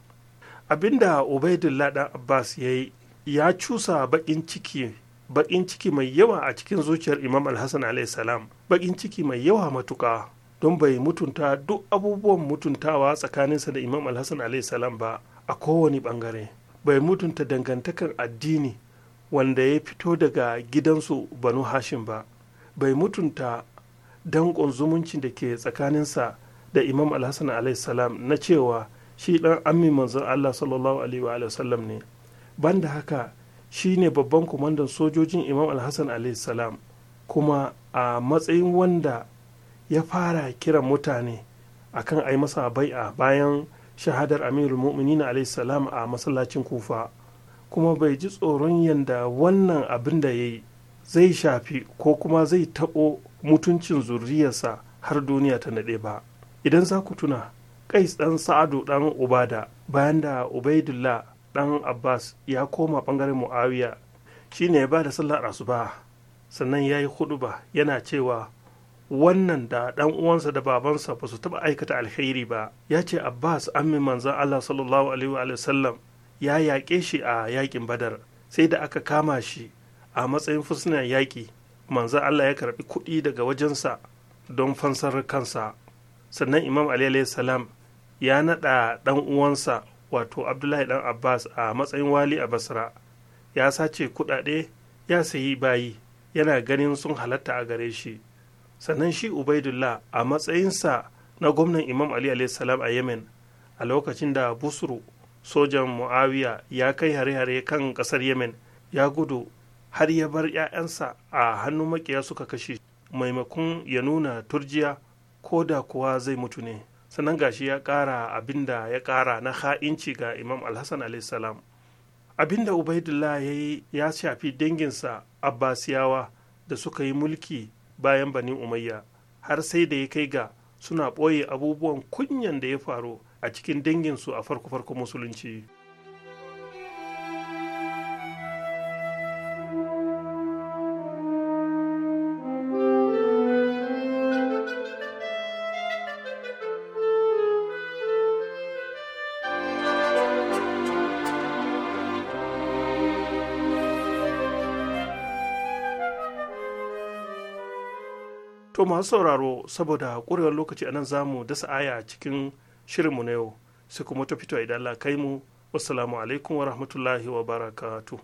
abinda ubaidullah ɗan abbas ya yi ya cusa baƙin ciki baƙin ciki mai yawa a cikin zuciyar imam alhassan salam bakin ciki mai yawa matuƙa don bai mutunta duk abubuwan mutuntawa tsakaninsa da imam alhassan alaihi salam ba a kowane bangare bai mutunta dangantakar addini wanda ya fito daga gidansu banu hashim ba bai mutunta danƙon zumuncin da ke tsakaninsa da imam alhassan alaihi salam na cewa shi ɗan ammi manzon allah sallallahu alaihi wa sallam ne banda haka shi ne babban kumandan sojojin imam alhassan alaihi salam kuma a matsayin wanda ya fara kira mutane akan a yi masa bai'a bayan shahadar amirul mu'minin salam a masallacin kufa kuma bai ji tsoron yadda wannan abin da ya yi zai shafi ko kuma zai taɓo mutuncin zuriyarsa har duniya ta naɗe ba idan za ku tuna kais ɗan sa'adu ɗan ubada bayan da ubaidullah ɗan abbas ya koma ɓangaren mu'awiya shine ya ba da sallar asuba sannan ya yi hudu ba, yana cewa wannan da ɗan uwansa da babansa ba su taɓa aikata alheri ba ya ce abbas ammi manzan allah sallallahu alaihi wa sallam ya yaƙe shi a yaƙin badar sai da aka kama shi a matsayin fusnan yaƙi manzan allah ya karɓi kuɗi daga wajensa don fansar kansa sannan imam ali salam ya naɗa ɗan uwansa wato abdullahi ɗan abbas a matsayin wali a basra ya sace kuɗaɗe ya sayi bayi yana ganin sun halatta a gare shi sannan shi ubaidullah a matsayinsa na gwamnan imam ali salam a yemen a lokacin da busru sojan muawiya ya kai hare-hare kan kasar yemen ya gudu har ya bar 'ya'yansa a hannun makiya suka kashe maimakon ya nuna turjiya ko da kuwa zai mutu ne sannan gashi ya kara abin da ya ƙara na ha'inci ga imam alhassan salam abin da ubaidullah ya yi ya shafi danginsa abbasiyawa da suka yi mulki bayan bani umayya har sai da ya kai ga suna ɓoye abubuwan kunyan da ya faru a cikin danginsu a farko-farko musulunci. to masu sauraro saboda ƙurewar lokaci anan zamu dasa aya cikin shirin mu na yau sai kuma ta fito idan Allah kai mu wassalamu alaikum wa rahmatullahi wa barakatuh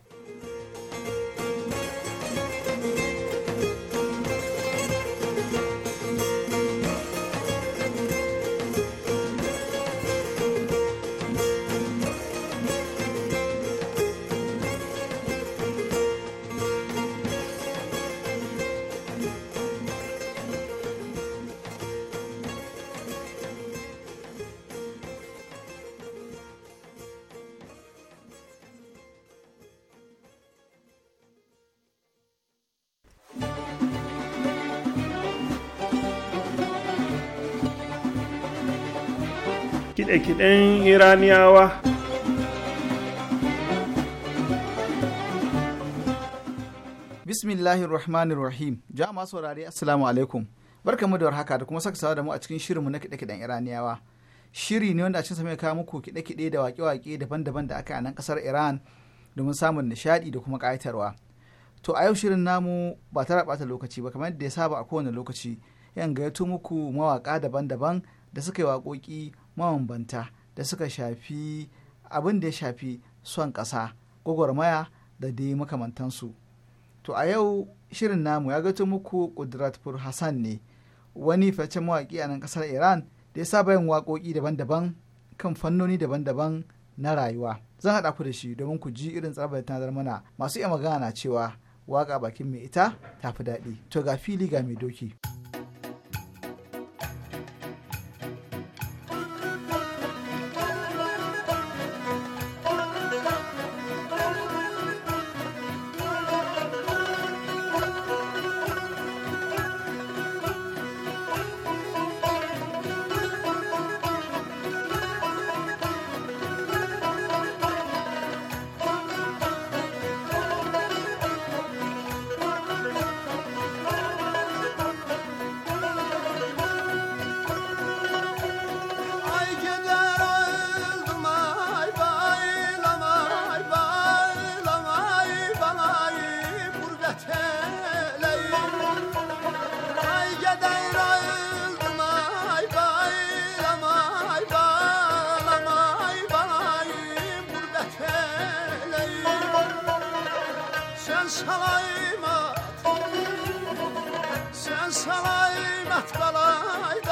kiɗe-kiɗen iraniyawa bismillahir rahmanir rahim jama'a saurare assalamu alaikum barkamu da warhaka da kuma saka da mu a cikin shirinmu na kiɗe-kiɗen iraniyawa shiri ne wanda a cikin mai kawo muku kiɗe-kiɗe da waƙe-waƙe daban-daban da aka yi a nan ƙasar iran domin samun nishaɗi da kuma ƙayatarwa to a yau shirin namu ba tara ɓata lokaci ba kamar yadda ya saba a kowane lokaci yan gayyato muku mawaƙa daban-daban da suka yi waƙoƙi mabambanta da suka shafi abin da ya shafi son ƙasa gwagwarmaya da dai makamantansu to a yau shirin namu ya gato muku kudratpur hassan ne wani facen mawaƙi a nan ƙasar iran da ya saba yin waƙoƙi daban-daban kan fannoni daban-daban na rayuwa zan haɗa ku da shi domin ku ji irin tsarabar tanadar mana masu iya magana cewa waƙa bakin mai ita ta fi daɗi to ga fili ga mai doki. kalay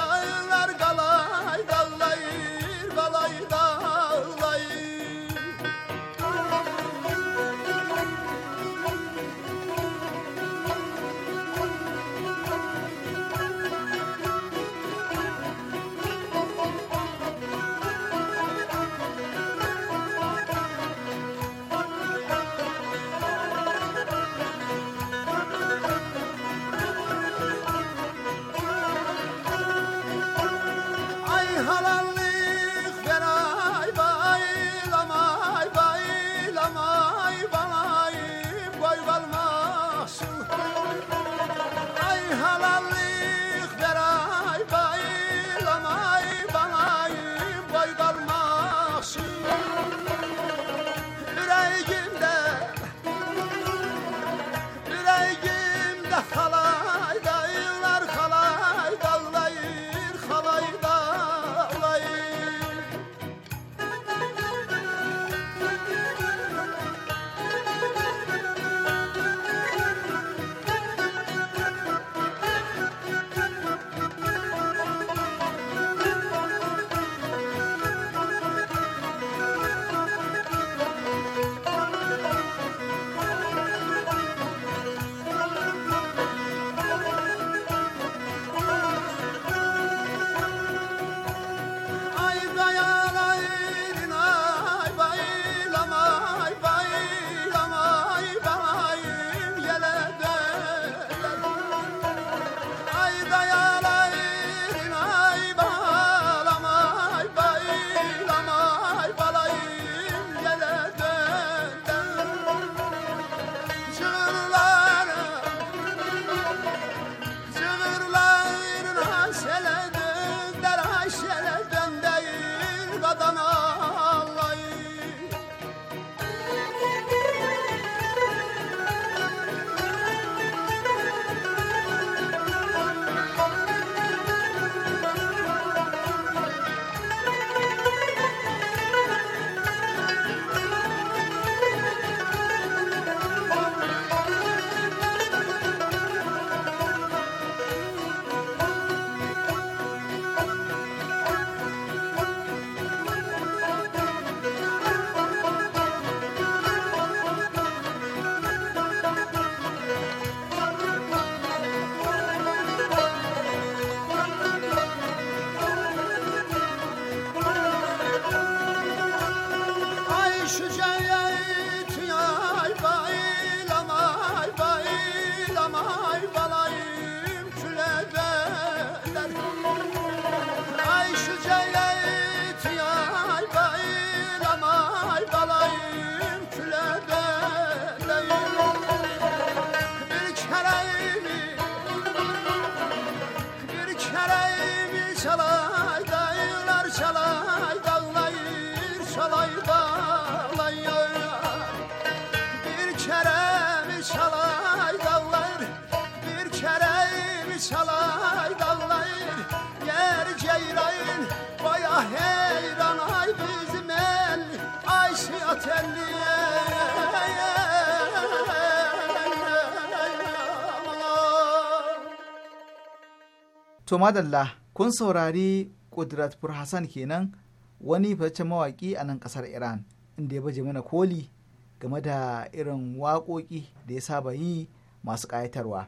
To madalla kun saurari Kudrat Hassan kenan wani fitaccen mawaƙi a nan ƙasar Iran inda ya baje mana koli game da irin waƙoƙi da ya saba yi masu ƙayatarwa.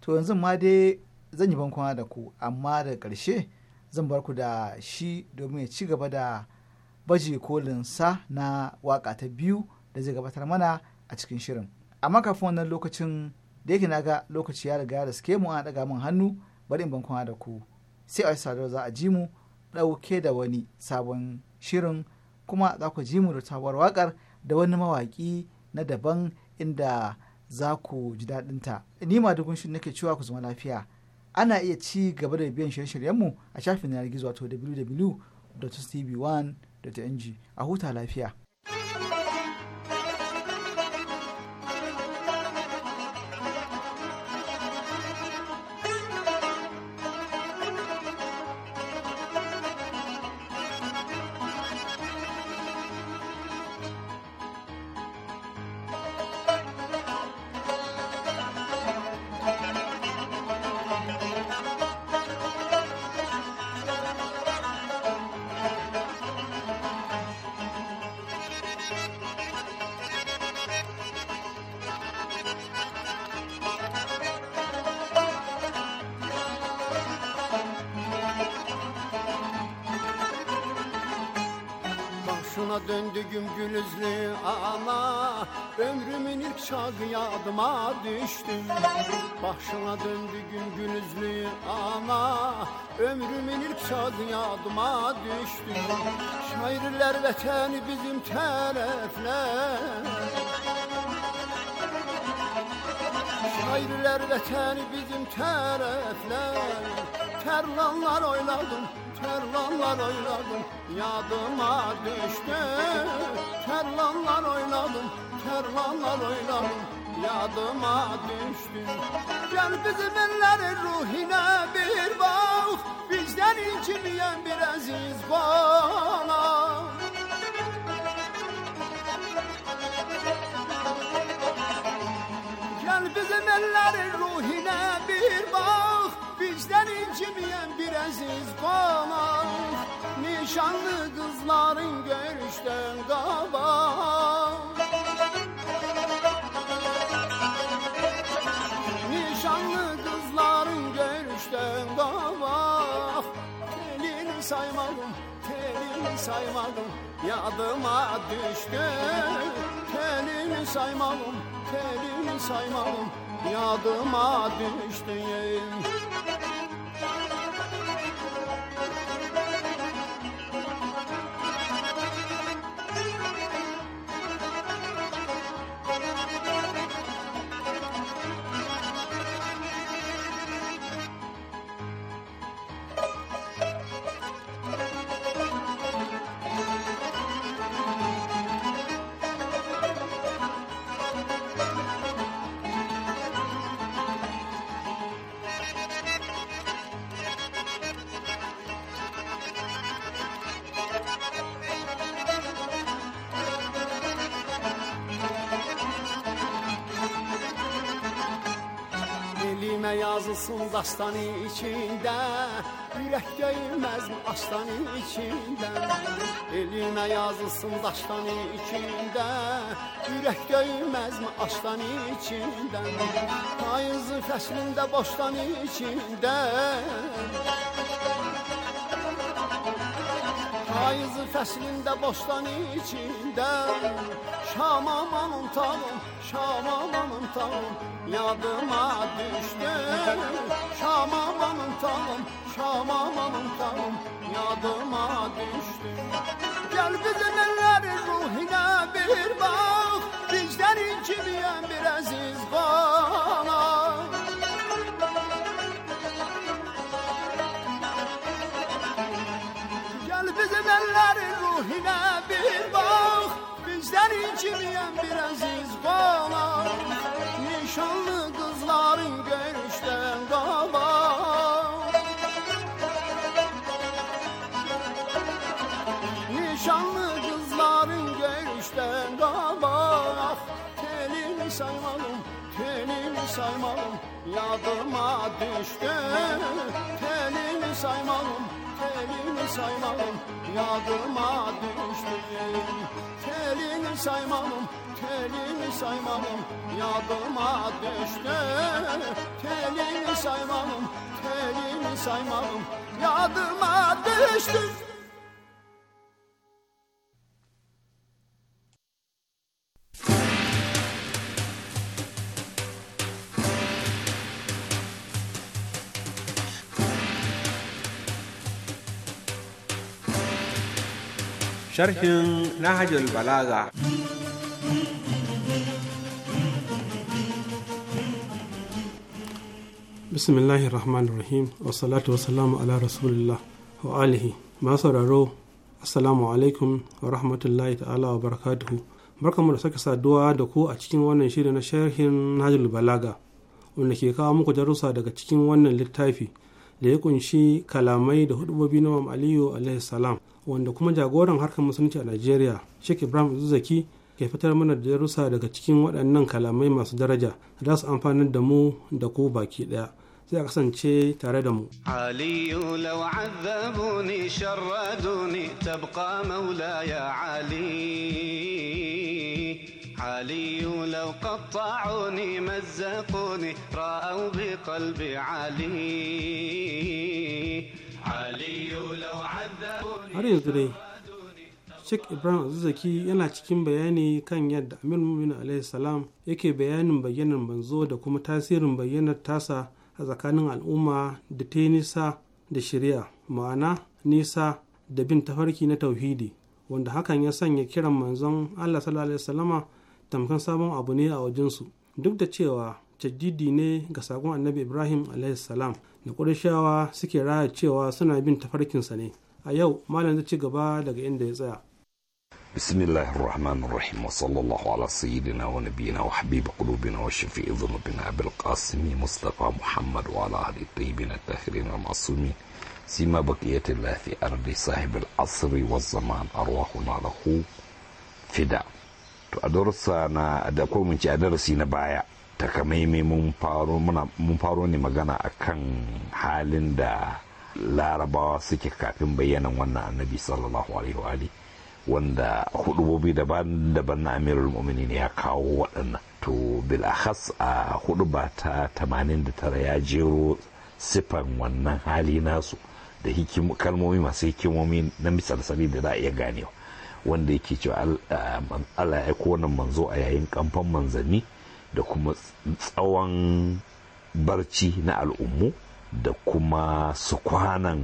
To yanzu ma dai zan yi bankwana da ku amma da ƙarshe zan bar ku da shi domin ya ci gaba da baje kolin sa na waƙa ta biyu da zai gabatar mana a cikin shirin. Amma kafin wannan lokacin da yake na ga lokaci ya riga da suke mu an ɗaga min hannu bari in bankwana da ku sai a sadar za a ji mu ɗauke da wani sabon shirin kuma za ku ji mu da sabuwar wakar da wani mawaƙi na daban inda za ku ji daɗinta ni ma dukun shi nake cewa ku zama lafiya ana iya ci gaba da biyan shirye-shiryenmu a shafin yanar gizo wato www.tv1.ng a huta lafiya. Fırtına döndü güm gülüzlü ana Ömrümün ilk çağı yadıma düştü Başına döndü güm gülüzlü ana Ömrümün ilk çağı yadıma düştü Şairler vətəni bizim tərəflər Şairler vətəni bizim tərəflər Tərlanlar oynadım Terlanlar oynadım yadıma düştü Terlanlar oynadım kervanlar oynadım Yadıma düştü Gel bizim ellerin ruhine bir bak Bizden inciniyen bir aziz bana Gel bizim ellerin ruhine bir bak Bizler içmeyen bir aziz konak Nişanlı kızların görüşten kaba Nişanlı kızların görüşten kaba Telini saymadım, telini saymadım Yadıma düştü Telini saymadım, telini saymadım yadıma düştüğüm Duyulmasın dastanı yürek Ürək mi aşdanı içində Elinə yazılsın daşdanı içində Ürək döyülməzmi aşdanı içində Payızı fəslində boşdanı içində Payızı fəslində boşdanı içində Şam amanım tamam şam amanım tağım Yadıma düştü, Şam amanın talım Şam amanın talım Yadıma düştü. Gel bizim eller ruhine bir bak saymalım yadıma düştü Telini saymalım telini saymalım yadıma düştü Telini saymalım telini saymalım yadıma düştü Telini saymalım telini saymalım yadıma düştü sharhin Nahajul Balaga. bismillahi Rahmanir Rahim, wa salatu wa salamu ala Rasulillah wa alihi. Masu sauraro, Assalamu alaikum wa rahmatullahi ta'ala wa barakatuhu. mu da sake saduwa da ku a cikin wannan shirin na sharhin Nahajul Balaga, wanda ke kawo muku darussa daga cikin wannan littafi da ya kunshi kalamai da hudubobi na Imam Aliyu alaihi salam wanda kuma jagoran harkar musulunci a najeriya sheikh ibrahim zuzaki ke fitar mana da darussa daga cikin waɗannan kalamai masu daraja da su amfanar da mu da ku baki ɗaya sai a kasance tare da mu. Aliyu lau azabuni sharraduni tabqa har yanzu dai Sheikh Ibrahim azuzaki yana cikin bayani kan yadda Amir Mumin alaihi salam yake bayanin bayyanar manzo da kuma tasirin bayyanar tasa a tsakanin al'umma da ta nisa da shirya ma'ana nisa da bin tafarki na tauhidi wanda hakan ya sanya kiran manzon Allah sallallahu alaihi wasallama tamkan sabon abu ne a wajensu duk da cewa jaddidi ne ga sakon annabi Ibrahim alaihi salam da ƙurishawa suke raya cewa suna bin tafarkinsa ne a yau malam zai ci gaba daga inda ya tsaya. bismillahi rahman rahim wa sallallahu ala sayyidina wa nabiyina wa habibu kulubina shafi izinu bin abil kasimi mustapha muhammad wa ala hadi yi bin tafiri na masu mi si ma baki yata lafi arbi sahibin asiri wa zaman arwahu na rahu fida to a dorsa na adakwai munci a darasi na baya takamaimai mun faro ne magana akan halin da larabawa suke kafin bayyanan wannan annabi sallallahu alaihi wa wanda hudubobi daban-daban na amirul mu'minin ya kawo waɗannan to bil a huduba ta tara ya jero sifan wannan hali nasu da kalmomi masu hikimomi na misalsali da za a iya ganewa wanda yake cewa Allah ya kowane manzo a yayin kamfan manzanni da kuma tsawon barci na al'ummu da kuma sukwanan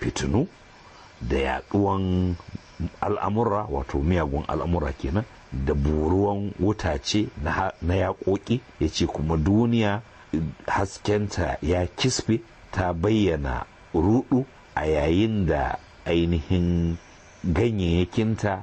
fitinu da yaduwan al'amura wato miyagun al'amura kenan da buruwan wutace na yaƙoƙi ya ce kuma duniya haskenta ya kisbe ta bayyana rudu a yayin da ainihin ganyayyakinta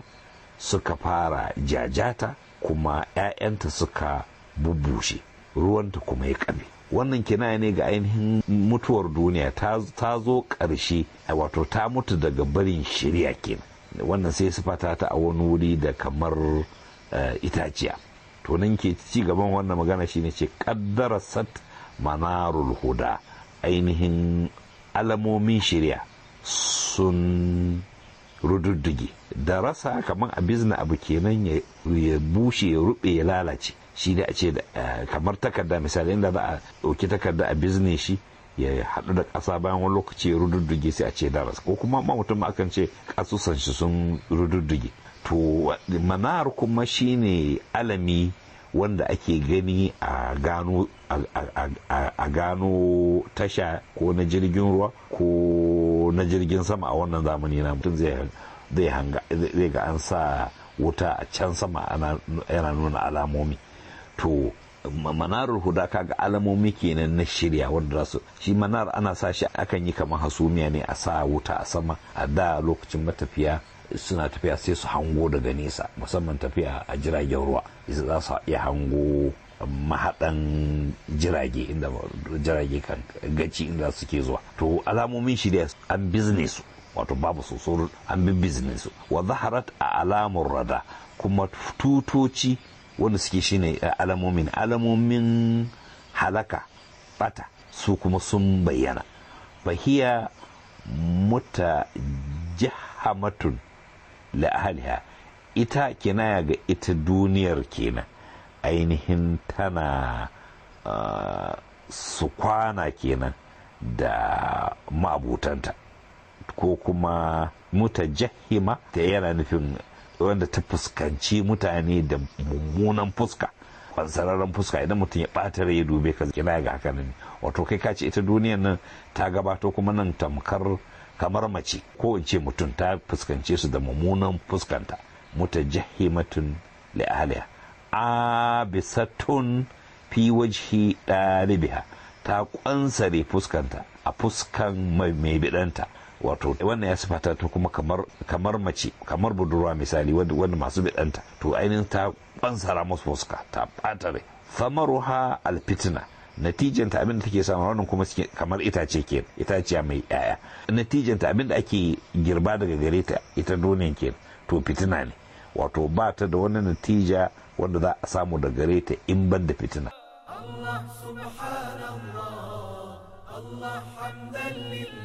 suka fara jajata kuma 'ya'yanta suka bubushe ruwanta kuma ya kame wannan kina ne ga ainihin mutuwar duniya ta zo ƙarshe wato ta mutu daga barin shirya kenan wannan sai fata ta a wani wuri da kamar eh, itaciya to nan ke ci gaban wannan magana shine ce kaddara sat manarul huda ainihin alamomin shirya sun rududdugi da rasa kamar a abu kenan ya bushe ya rube ya lalace shi ne a ce eh, kamar takarda misali inda za a ɗauki takarda a bizne shi ya haɗu da ƙasa bayan wani lokaci ya rududdugi sai a ce daras ko kuma ma mutum akan ce ƙasusan shi sun rududduge to manar kuma shine alami wanda ake gani a gano a gano tasha ko na jirgin ruwa ko na jirgin sama a wannan zamani na mutum zai ga an sa wuta a can sama yana nuna alamomi to manarar huda kaga alamomi kenan na shirya wanda za su shi manar ana sa shi akan yi kamar hasumiya ne a sa wuta a sama a da lokacin matafiya suna tafiya sai su hango daga nesa musamman tafiya a jiragen ruwa isa za su iya hango mahaɗan jirage inda jirage kan gaci inda suke zuwa to alamomin shirya an biznesu wato babu sosoro an bi biznesu wa zaharat a alamun rada kuma tutoci wanda suke shine eh, alamomin alamomin halaka bata su kuma sun bayyana bahiya muta jihamatun la ita kinaya ga ita duniyar kenan ainihin tana ah, su kwana kenan da ma'abutanta ko kuma muta jahima ta yana nufin wanda ta fuskanci mutane da mummunan fuska kwansararren fuska idan mutum ya ɓata rai ya dube ka kira ga haka ne wato kai ka ce ita duniyan nan ta gabato kuma nan tamkar kamar mace ko in ce mutum ta fuskance su da mummunan fuskanta mutajahimatun li'aliya abisatun fi wajhi ɗalibiha ta kwansare fuskanta a fuskan mai bidanta wato wannan ya sifata ta kuma kamar mace kamar budurwa misali wanda masu bidanta to ainihin ta bansara musu fuska ta bata rai famaruha alfitna natijanta abinda take samu wannan kuma kamar itace ke itaciya mai yaya natijanta abinda ake girba daga gare ta ita duniyan ke to fitina ne wato ba ta da wani natija wanda za a samu da gare ta in ban da fitina Allah subhanallah Allah hamdan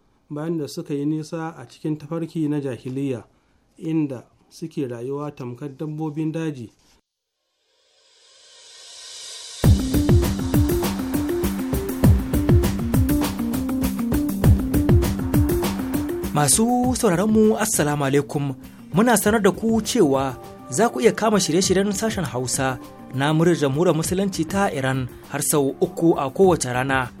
bayan da suka yi nisa a cikin tafarki na jahiliya inda suke rayuwa tamkar dabbobin daji Masu sauraronmu Assalamu alaikum muna sanar da ku cewa za ku iya kama shirye-shiryen sashen Hausa na muryar jamhuriyar Musulunci ta Iran har sau uku a kowace rana.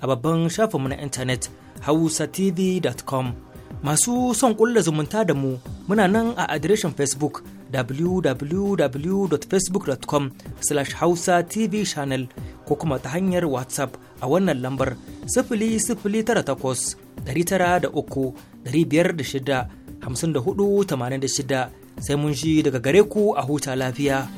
a babban shafinmu na intanet hausatv.com masu son kulla zumunta da mu muna nan a adireshin facebook www.facebook.com slash hausa tv channel ko kuma ta hanyar whatsapp a wannan lambar sifili sifili da tara uku biyar shida hamsin da sai mun shi daga gare ku a huta lafiya.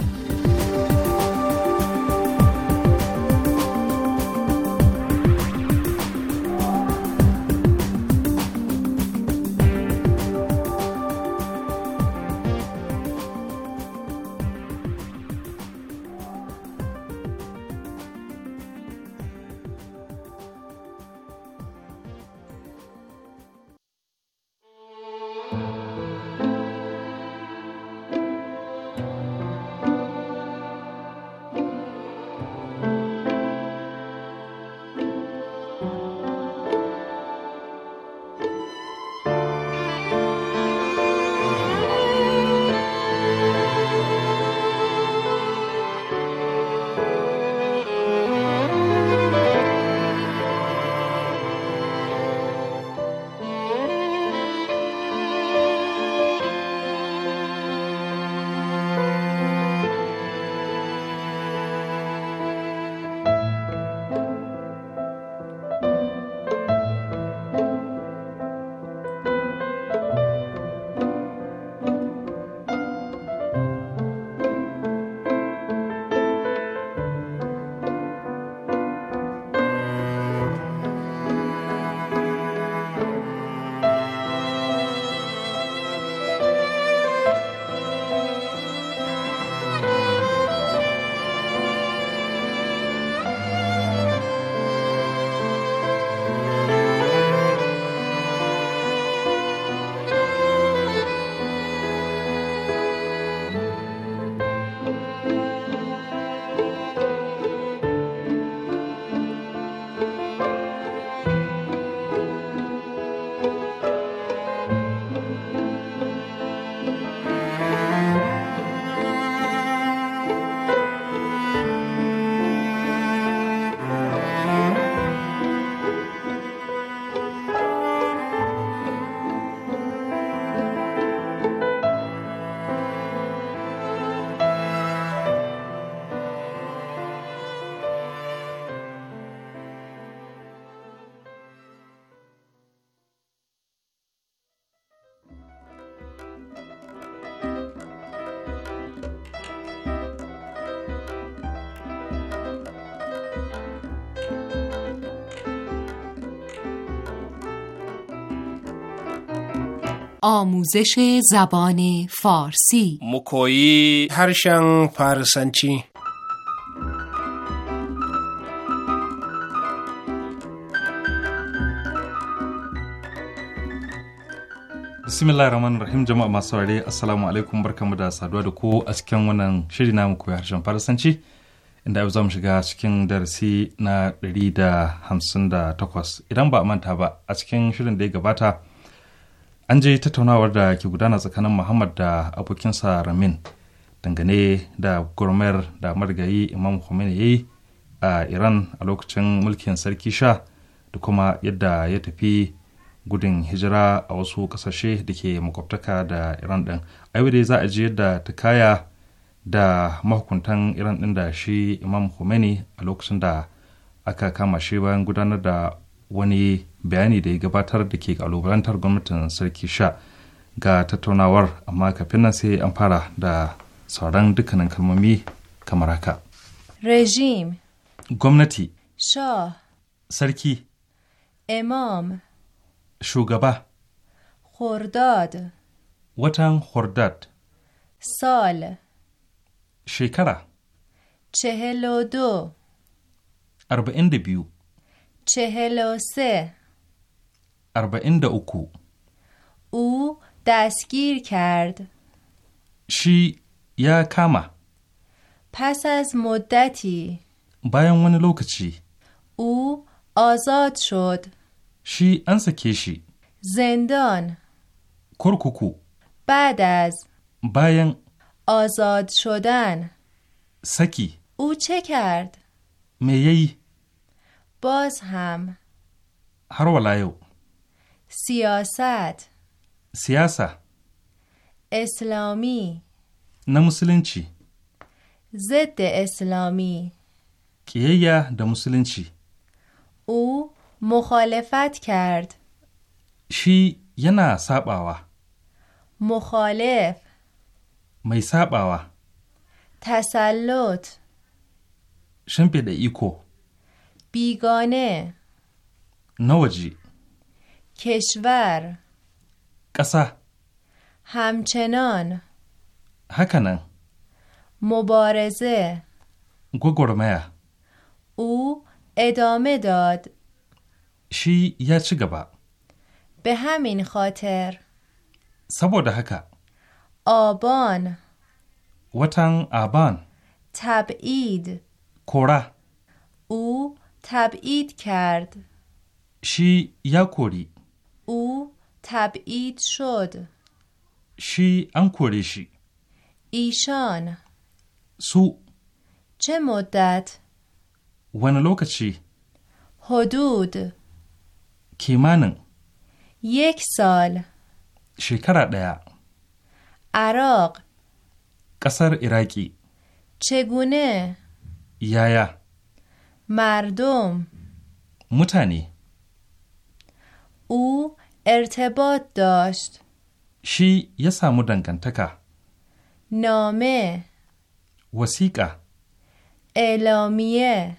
آموزش زبان فارسی مکویی هرشن فارسنچی bismillah rahman rahim jama'a masu ware assalamu alaikum barkamu da saduwa da ku a cikin wannan shiri mu koyi harshen farasanci inda yau za mu shiga cikin darasi na 158 idan ba a manta ba a cikin shirin da ya gabata an je tattaunawar da ke gudana tsakanin muhammad da abokinsa ramin dangane da gurmayar da marigayi imam khomeini ya yi a iran a lokacin mulkin sarki sha da kuma yadda ya tafi gudun hijira a wasu kasashe da ke makwabtaka da iran din dai za a je yadda ta kaya da mahukuntan iran din da shi imam khomeini a lokacin da aka kama shi bayan gudanar da wani bayani da ya gabatar da ke kalubalantar gwamnatin sarki sha ga tattaunawar amma kafin nan sai an fara da sauran dukkanin kalmomi kamar haka. Regime Gwamnati Shah Sarki Imam Shugaba Hordad Watan Hordad Sal Shekara چهل do arba'in da biyu چهل se arba'in da uku. U dasgir kard. Shi ya kama. Fasas az Bayan wani lokaci. U azad shod. Shi an sake shi. Zindan. Kurkuku. Bad Bayan. Azad shodan. Saki. U che kard? Me yayi. Baz ham. Har wala yau. سیاست سیاست اسلامی نه مسلمچی ضد اسلامی یه ده مسلمچی او مخالفت کرد شی یه ینا آوا مخالف می ساباوا تسلط شمپی ده ایکو بیگانه نوجی کشور قصه همچنان هکنن مبارزه گوگرمه او ادامه داد شی یا چی به همین خاطر سبود هکا آبان وطن آبان تبعید کره او تبعید کرد شی یا کوری او تبعید شد شی انکوریشی ایشان سو چه مدت؟ ون لوکچی حدود kimanin یک سال shekara ɗaya Arok. ƙasar iraki چگونه yaya مردم mutane او ارتباط داشت شی یه سامو تکه. نامه وسیقه اعلامیه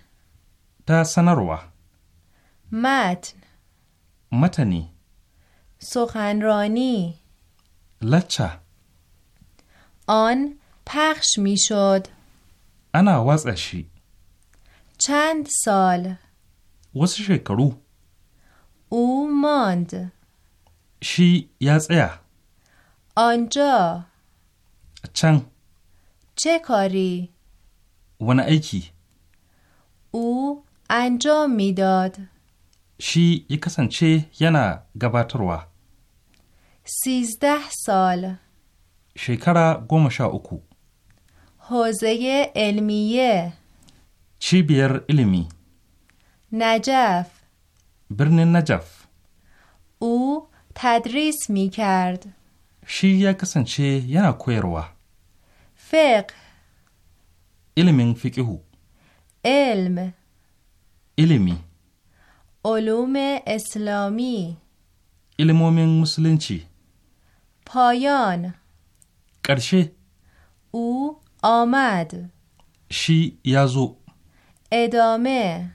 تا سنروه متن متنی سخنرانی لچه آن پخش میشد انا وزشی. چند سال واسه کرو. او ماند shi ya tsaya. Anja. Can. Ce Wani aiki. U anjo midod. Shi ya kasance yana gabatarwa. Sizdah sal. Shekara goma sha uku. Hozeye elmiye. Cibiyar ilimi. Najaf. Birnin Najaf. U تدریس می کرد شی یا کسنچه ینا یعنی کویروا فق علم فقه علم علمی علوم اسلامی علم مسلم چی؟ پایان قرشه او آمد شی یازو ادامه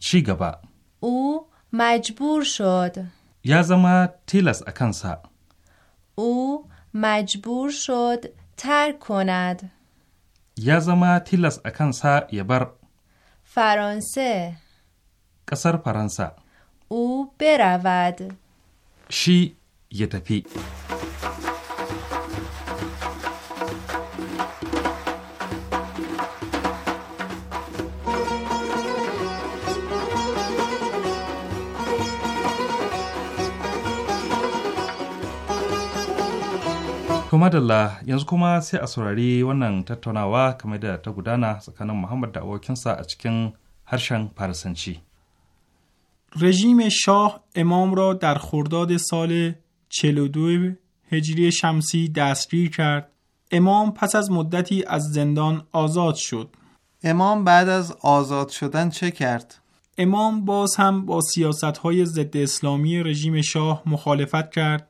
چی گبا او مجبور شد یا زما تیلس اکنسا او مجبور شد ترک کند یا زما تیلس اکنسا یه بر فرانسه قصر فرانسه او برود شی یه madalla yanzu kuma sai a saurari wannan tattaunawa kamar da ta gudana tsakanin Muhammad da abokinsa a cikin harshen Farisanci. رژیم شاه امام را در خرداد سال 42 هجری شمسی دستگیر کرد امام پس از مدتی از زندان آزاد شد امام بعد از آزاد شدن چه کرد؟ امام باز هم با سیاست های ضد اسلامی رژیم شاه مخالفت کرد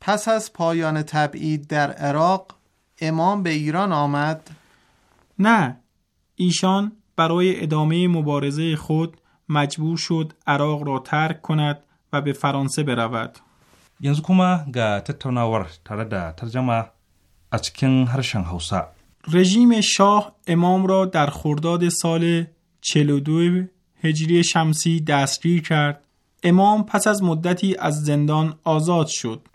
پس از پایان تبعید در عراق امام به ایران آمد؟ نه ایشان برای ادامه مبارزه خود مجبور شد عراق را ترک کند و به فرانسه برود. رژیم شاه امام را در خرداد سال 42 هجری شمسی دستگیر کرد. امام پس از مدتی از زندان آزاد شد.